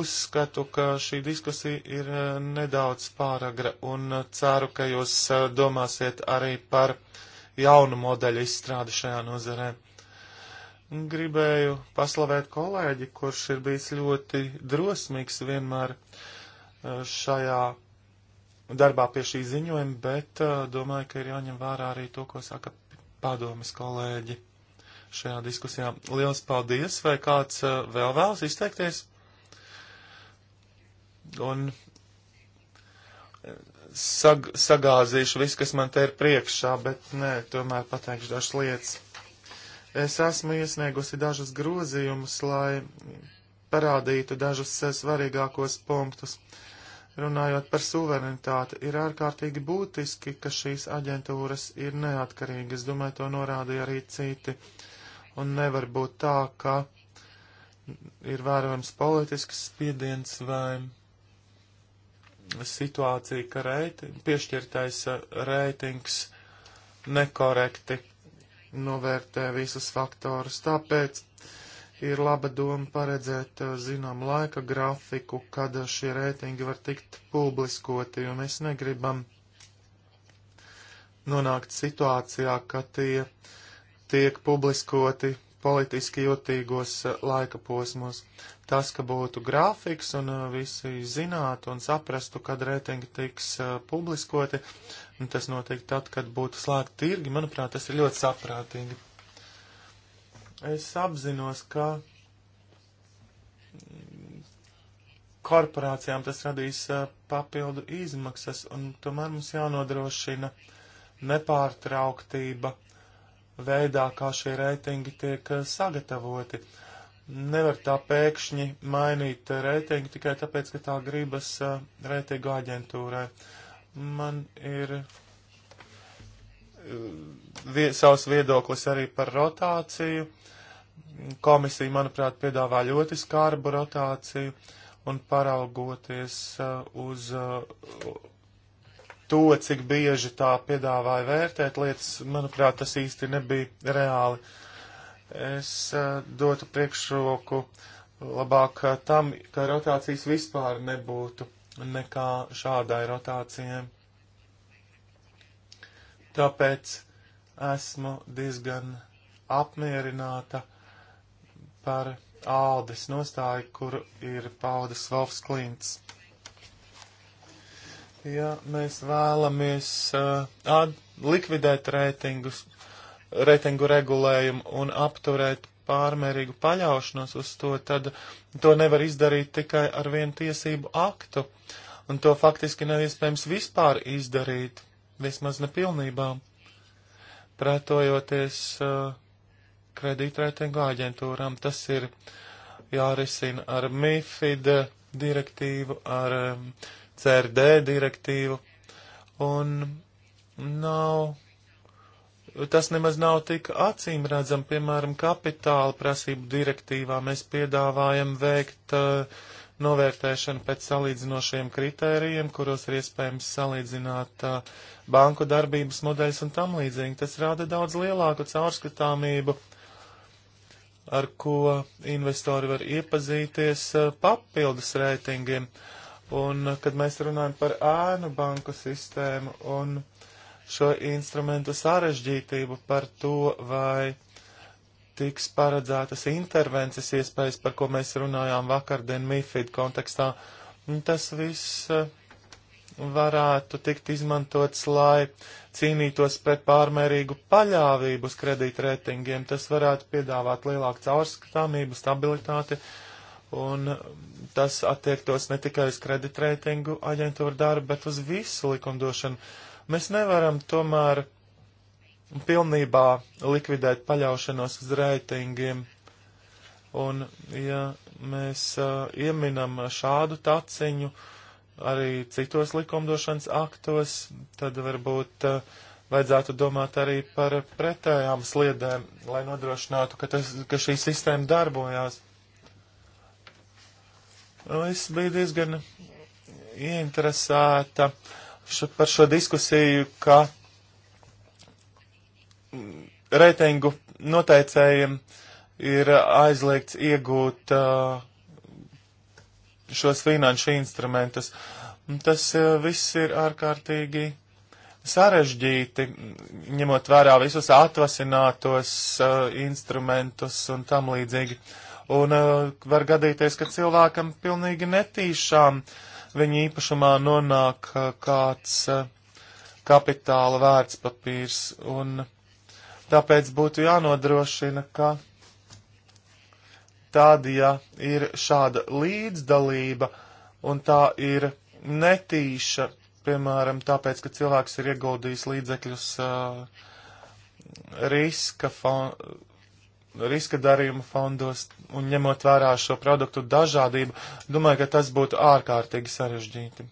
Uzskatu, ka šī diskusija ir uh, nedaudz pāragra un ceru, ka jūs domāsiet arī par jaunu modeļu izstrādi šajā nozarē gribēju paslavēt kolēģi, kurš ir bijis ļoti drosmīgs vienmēr e, šajā darbā pie šī ziņojuma, bet e, domāju, ka ir jāņem vērā arī to, ko saka padomis kolēģi šajā diskusijā. Liels paldies! Vai kāds e, vēl vēlas izteikties? Un sag, sagāzīšu visu, kas man te ir priekšā, bet nē, tomēr pateikšu dažas lietas. Es esmu iesniegusi dažus grozījumus, lai parādītu dažus svarīgākos punktus. Runājot par suverenitāti, ir ārkārtīgi būtiski, ka šīs aģentūras ir neatkarīgas. Domāju, to norādīja arī citi. Un nevar būt tā, ka ir vērojams politisks spiediens vai situācija, ka reiti, piešķirtais uh, reitings nekorekti novērtē visus faktorus. Tāpēc ir laba doma paredzēt eh, zinām laika grafiku, kad eh, šie reitingi var tikt publiskoti, jo mēs negribam nonākt situācijā, ka tie tiek publiskoti politiski jūtīgos eh, laika posmos. Tas, ka būtu grafiks un eh, visi zinātu un saprastu, kad reitingi tiks eh, publiskoti, un tas notiek tad, kad būtu slēgti tirgi, manuprāt, tas ir ļoti saprātīgi. Es apzinos, ka mm, korporācijām tas radīs papildu izmaksas, un tomēr mums jānodrošina nepārtrauktība veidā, kā šie reitingi tiek eh, sagatavoti. Nevar tā pēkšņi mainīt reitingu tikai tāpēc, ka tā gribas eh, reitingu aģentūrai. Man ir eh, vie, savs viedoklis arī par rotāciju. Komisija, manuprāt, piedāvā ļoti skarbu rotāciju un paraugoties uz to, cik bieži tā piedāvāja vērtēt lietas, manuprāt, tas īsti nebija reāli. Es uh, dotu priekšroku labāk eh, tam, ka rotācijas vispār nebūtu nekā šādai rotācijai. Tāpēc esmu diezgan apmierināta par Aldes nostāju, kuru ir paudis Valfs Klints ja mēs vēlamies uh, likvidēt reitingus, reitingu regulējumu un apturēt pārmērīgu paļaušanos uz to, tad to nevar izdarīt tikai ar vienu tiesību aktu, un to faktiski nav iespējams vispār izdarīt, vismaz nepilnībā, pretojoties uh, kredītreitingu aģentūram. Tas ir jārisina ar MIFID direktīvu, ar um, uh, CRD direktīvu, un nav tas nemaz nav tik acīm redzam, piemēram, kapitāla prasību direktīvā mēs piedāvājam veikt uh, novērtēšanu pēc salīdzinošiem kritērijiem, kuros ir iespējams salīdzināt uh, banku darbības modeļus un tam līdzīgi. Tas rāda daudz lielāku caurskatāmību, ar ko investori var iepazīties uh, papildus reitingiem. Uh, Un, kad mēs runājam par ēnu banku sistēmu un šo instrumentu sarežģītību par to, vai tiks paredzētas intervences iespējas, par ko mēs runājām vakardien MIFID kontekstā, tas viss eh, varētu tikt izmantots, lai cīnītos pret pārmērīgu paļāvību uz kredītreitingiem. Tas varētu piedāvāt lielāku caurskatāmību, stabilitāti Un tas attiektos ne tikai uz kreditreitingu aģentūru darbu, bet uz visu likumdošanu. Mēs nevaram tomēr pilnībā likvidēt paļaušanos uz reitingiem. Un, ja mēs uh, ieminam šādu taciņu arī citos likumdošanas aktos, tad varbūt uh, vajadzētu domāt arī par pretējām sliedēm, lai nodrošinātu, ka, tas, ka šī sistēma darbojās. Es biju diezgan ieinteresēta šo, par šo diskusiju, ka reitingu noteicējiem ir aizliegts iegūt uh, šos finanšu instrumentus. Tas uh, viss ir ārkārtīgi sarežģīti, ņemot vērā visus atvasinātos uh, instrumentus un tam līdzīgi. Uh, Un uh, var gadīties, ka cilvēkam pilnīgi netīšām viņa īpašumā nonāk uh, kāds uh, kapitāla vērtspapīrs. Un tāpēc būtu jānodrošina, ka tad, ja ir šāda līdzdalība un tā ir netīša, piemēram, tāpēc, ka cilvēks ir ieguldījis līdzekļus uh, riska fon riska darījuma fondos un ņemot vērā šo produktu dažādību, domāju, ka tas būtu ārkārtīgi sarežģīti.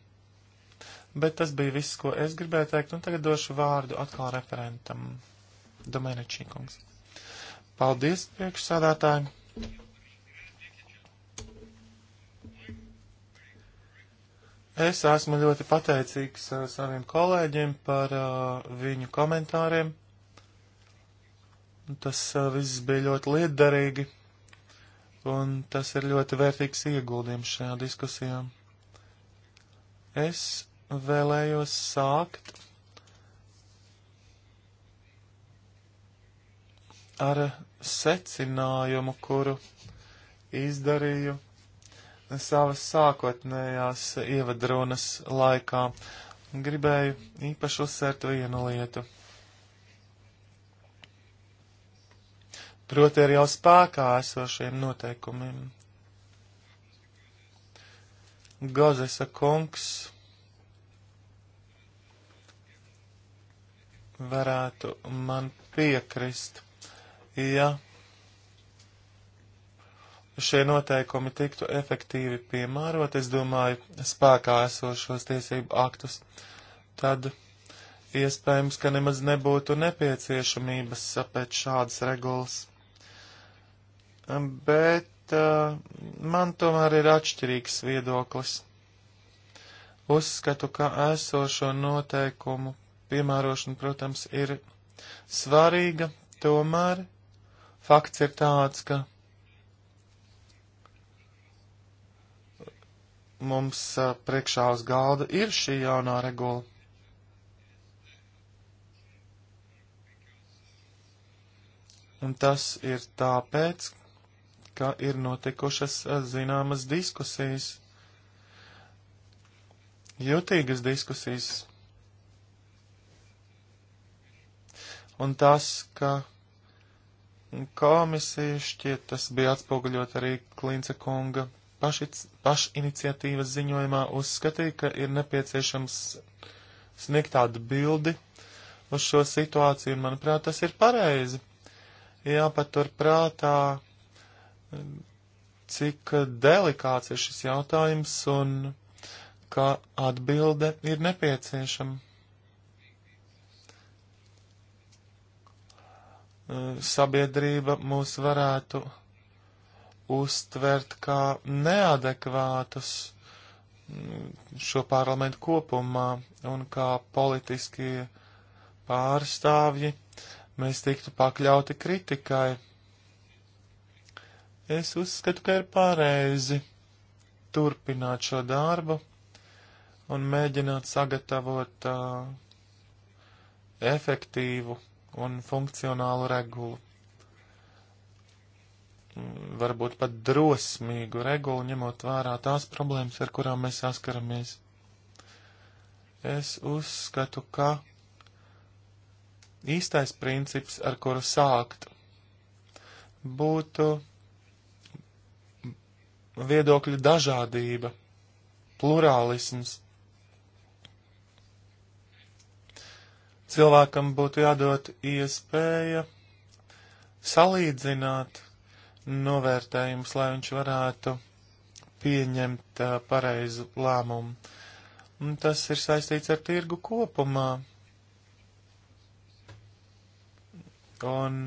Bet tas bija viss, ko es gribēju teikt, un tagad došu vārdu atkal referentam Domēnečīkungs. Paldies, priekšsādātāji! Es esmu ļoti pateicīgs uh, saviem kolēģiem par uh, viņu komentāriem. Tas viss bija ļoti lietderīgi, un tas ir ļoti vērtīgs ieguldījums šajā diskusijā. Es vēlējos sākt ar secinājumu, kuru izdarīju savas sākotnējās ievadrunas laikā. Gribēju īpaši uzsvērt vienu lietu. proti ar jau spēkā esošiem noteikumiem. Gazesa kungs varētu man piekrist, ja šie noteikumi tiktu efektīvi piemērot, es domāju, spēkā esošos tiesību aktus, tad iespējams, ka nemaz nebūtu nepieciešamības pēc šādas regulas bet uh, man tomēr ir atšķirīgs viedoklis. Uzskatu, ka esošo noteikumu piemērošana, protams, ir svarīga, tomēr fakts ir tāds, ka mums a, eh, priekšā uz galda ir šī jaunā regula. Un tas ir tāpēc, ka ir notikušas eh, zināmas diskusijas, jūtīgas diskusijas. Un tas, ka komisija šķiet, tas bija atspoguļot arī Klinca kunga pašic, pašiniciatīvas ziņojumā, uzskatīja, ka ir nepieciešams sniegt tādu bildi uz šo situāciju, un manuprāt, tas ir pareizi. Jāpatur prātā, cik delikāts ir šis jautājums un ka atbilde ir nepieciešama. Sabiedrība mūs varētu uztvert kā neadekvātus šo parlamentu kopumā un kā politiskie pārstāvji mēs tiktu pakļauti kritikai Es uzskatu, ka ir pareizi turpināt šo darbu un mēģināt sagatavot uh, efektīvu un funkcionālu regulu. Varbūt pat drosmīgu regulu, ņemot vērā tās problēmas, ar kurām mēs saskaramies. Es uzskatu, ka īstais princips, ar kuru sākt, būtu viedokļu dažādība, plurālisms. Cilvēkam būtu jādod iespēja salīdzināt novērtējumus, lai viņš varētu pieņemt uh, pareizu lēmumu. Un tas ir saistīts ar tirgu kopumā. Un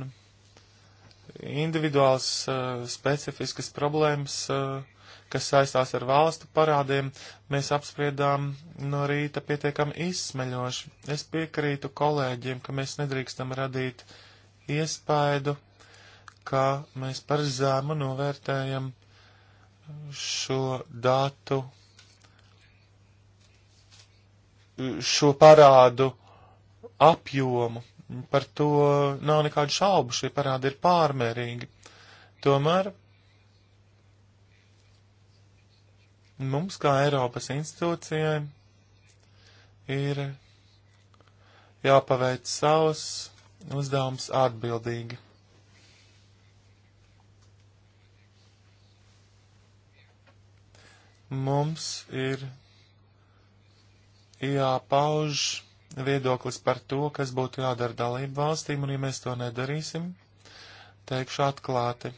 individuāls uh, specifiskas problēmas, uh, kas saistās ar valstu parādiem, mēs apspriedām no rīta pietiekami izsmeļoši. Es piekrītu kolēģiem, ka mēs nedrīkstam radīt iespaidu, ka mēs par zemu novērtējam šo datu, šo parādu apjomu. Par to nav nekādu šaubu, šie parādi ir pārmērīgi. Tomēr mums, kā Eiropas institūcijai, ir jāpaveic savs uzdevums atbildīgi. Mums ir jāpauž viedoklis par to, kas būtu jādara dalību valstīm, un ja mēs to nedarīsim, teikšu atklāti.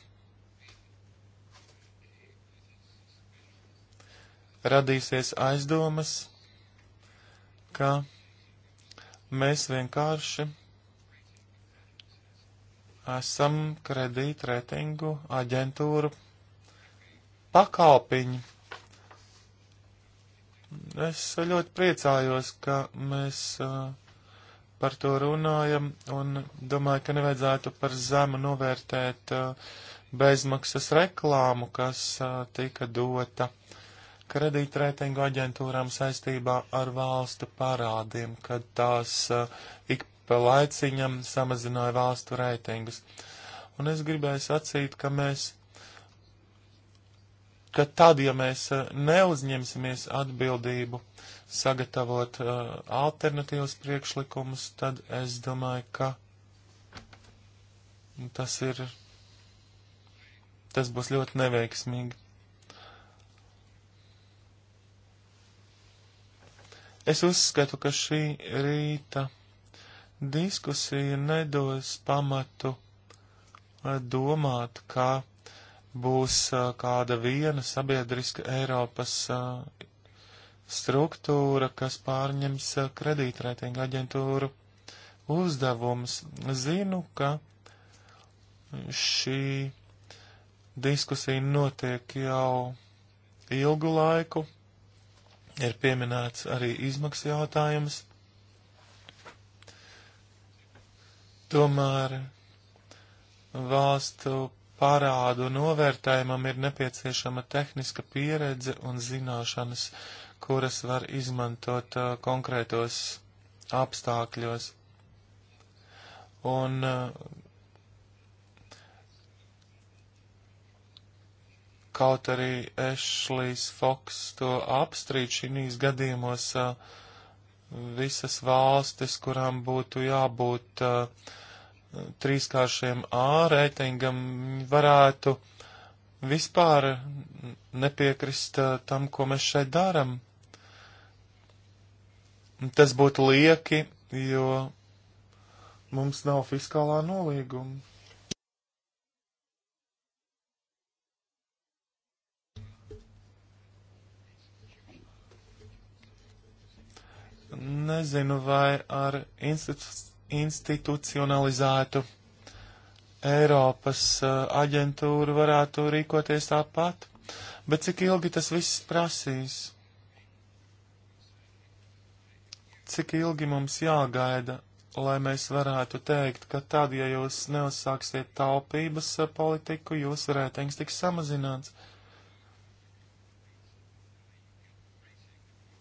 Radīsies aizdomas, ka mēs vienkārši esam kredītreitingu aģentūru pakalpiņi Es ļoti priecājos, ka mēs uh, par to runājam un domāju, ka nevajadzētu par zemu novērtēt uh, bezmaksas reklāmu, kas uh, tika dota kredītreitingu aģentūrām saistībā ar valstu parādiem, kad tās ik pa laiciņam samazināja valstu reitingus. Un es gribēju sacīt, ka mēs ka tad, ja mēs eh, neuzņemsimies atbildību sagatavot uh, alternatīvas priekšlikumus, tad es domāju, ka tas ir, tas būs ļoti neveiksmīgi. Es uzskatu, ka šī rīta diskusija nedos pamatu eh, domāt, ka būs uh, kāda viena sabiedriska Eiropas uh, struktūra, kas pārņems uh, kredītreitinga aģentūru uzdevumus. Zinu, ka šī diskusija notiek jau ilgu laiku. Ir pieminēts arī izmaksu jautājums. Tomēr valstu pārādu novērtējumam ir nepieciešama tehniska pieredze un zināšanas, kuras var izmantot uh, konkrētos apstākļos. Un uh, kaut arī Ešlijs Foks to apstrīd šīs gadījumos, uh, visas valstis, kurām būtu jābūt uh, trīskāršiem A reitingam varētu vispār nepiekrist uh, tam, ko mēs šeit darām. Tas būtu lieki, jo mums nav fiskālā nolīguma. Nezinu, vai ar institucionālu institucionalizētu Eiropas eh, aģentūru, varētu rīkoties tāpat. Bet cik ilgi tas viss prasīs? Cik ilgi mums jāgaida, lai mēs varētu teikt, ka tad, ja jūs neuzsāksiet taupības eh, politiku, jūsu rētings tiks samazināts?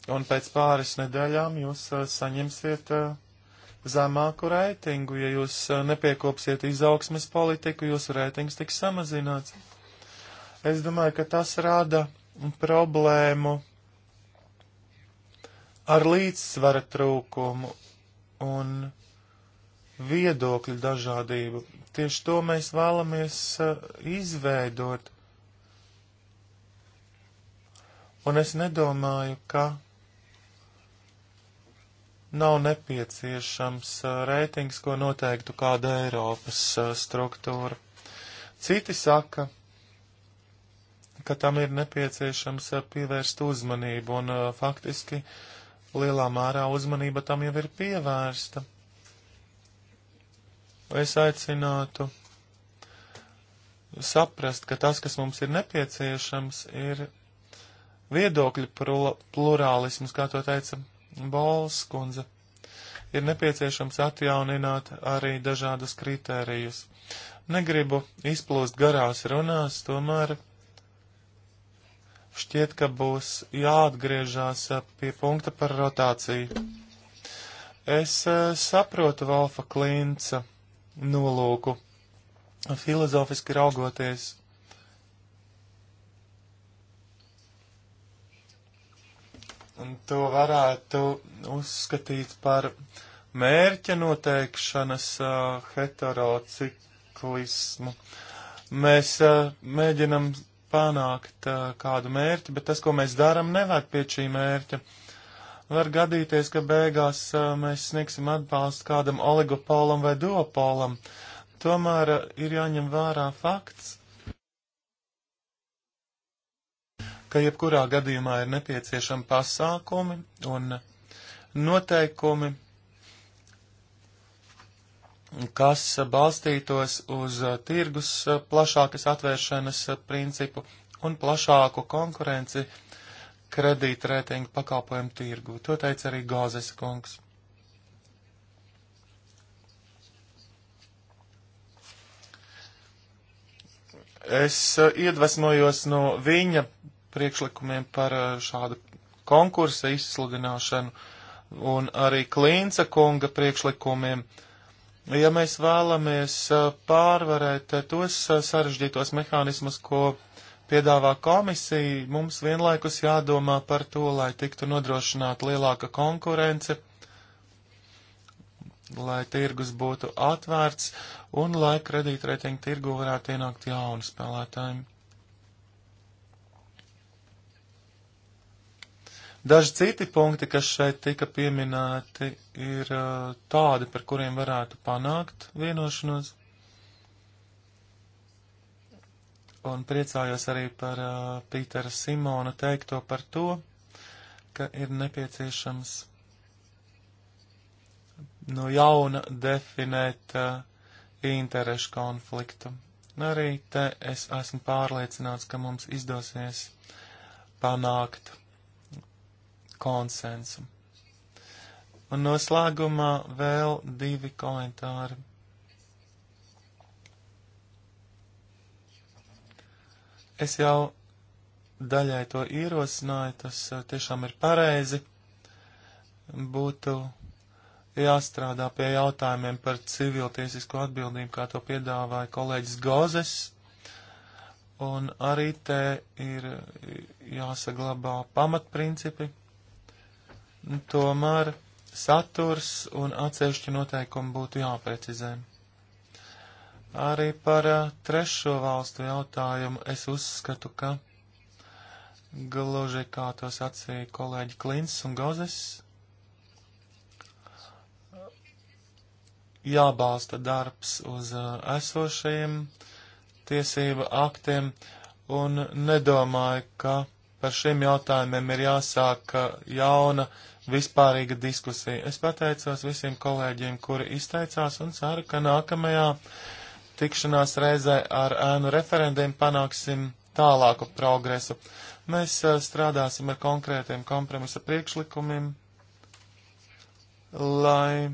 Un pēc pāris nedēļām jūs eh, saņemsiet uh, zemāku reitingu. Ja jūs eh, nepiekopsiet izaugsmes politiku, jūsu reitings tiks samazināts. Es domāju, ka tas rada problēmu ar līdzsvara trūkumu un viedokļu dažādību. Tieši to mēs vēlamies uh, izveidot. Un es nedomāju, ka nav nepieciešams reitings, ko noteiktu kāda Eiropas struktūra. Citi saka, ka tam ir nepieciešams pievērst uzmanību, un faktiski lielā mērā uzmanība tam jau ir pievērsta. Es aicinātu saprast, ka tas, kas mums ir nepieciešams, ir viedokļu plurālisms, kā to teica Bols kundze, ir nepieciešams atjaunināt arī dažādus kritērijus. Negribu izplūst garās runās, tomēr šķiet, ka būs jāatgriežās pie punkta par rotāciju. Es eh, saprotu Valfa Klīnca nolūku, filozofiski raugoties. to varētu uzskatīt par mērķa noteikšanas uh, heterociklismu. Mēs uh, mēģinam panākt uh, kādu mērķi, bet tas, ko mēs darām, neved pie šī mērķa. Var gadīties, ka beigās uh, mēs sniegsim atbalstu kādam oligopolam vai duopolam. Tomēr uh, ir jāņem vērā fakts, ka jebkurā gadījumā ir nepieciešami pasākumi un noteikumi, kas balstītos uz uh, tirgus uh, plašākas atvēršanas uh, principu un plašāku konkurenci kredītrētingu pakalpojumu tirgu. To teica arī Gāzes kungs. Es iedvesmojos no viņa priekšlikumiem par eh, šādu konkursa izsludināšanu un arī Klīnca kunga priekšlikumiem. Ja mēs vēlamies eh, pārvarēt eh, tos sarežģītos mehānismus, ko piedāvā komisija, mums vienlaikus jādomā par to, lai tiktu nodrošināta lielāka konkurence, lai tirgus būtu atvērts un lai kredītreitinga tirgu varētu ienākt jauni spēlētāji. Daži citi punkti, kas šeit tika pieminēti, ir uh, tādi, par kuriem varētu panākt vienošanos. Un priecājos arī par uh, Pītera Simona teikto par to, ka ir nepieciešams no jauna definēt uh, interešu konfliktu. Arī te es esmu pārliecināts, ka mums izdosies panākt konsensu. Un noslēgumā vēl divi komentāri. Es jau daļai to ierosināju, tas eh, tiešām ir pareizi. Būtu jāstrādā pie jautājumiem par civiltiesisko atbildību, kā to piedāvāja kolēģis Gozes. Un arī te ir jāsaglabā pamatprincipi, Nu, tomēr saturs un atsevišķi noteikumi būtu jāprecizē. Arī par eh, trešo valstu jautājumu es uzskatu, ka gluži kā to sacīja kolēģi Klins un Gozes, jābalsta darbs uz eh, esošajiem tiesību aktiem un nedomāju, ka par šiem jautājumiem ir jāsāk eh, jauna vispārīga diskusija. Es pateicos visiem kolēģiem, kuri izteicās un ceru, ka nākamajā tikšanās reizē ar ēnu referendiem panāksim tālāku progresu. Mēs strādāsim ar konkrētiem kompromisa priekšlikumiem, lai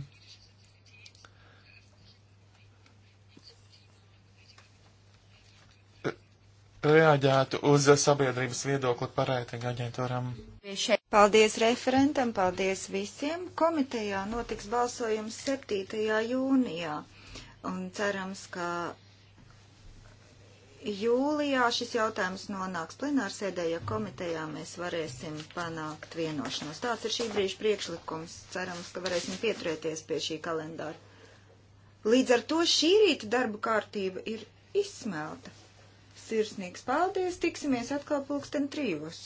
reaģētu uz sabiedrības viedokli par reitingu aģentūram. Paldies referentam, paldies visiem. Komitejā notiks balsojums 7. jūnijā un cerams, ka jūlijā šis jautājums nonāks plenārsēdē, ja komitejā mēs varēsim panākt vienošanos. Tāds ir šī brīža priekšlikums. Cerams, ka varēsim pieturēties pie šī kalendāra. Līdz ar to šī rīta darba kārtība ir izsmelta sirsnīgs paldies. Tiksimies atkal pulksten trījos.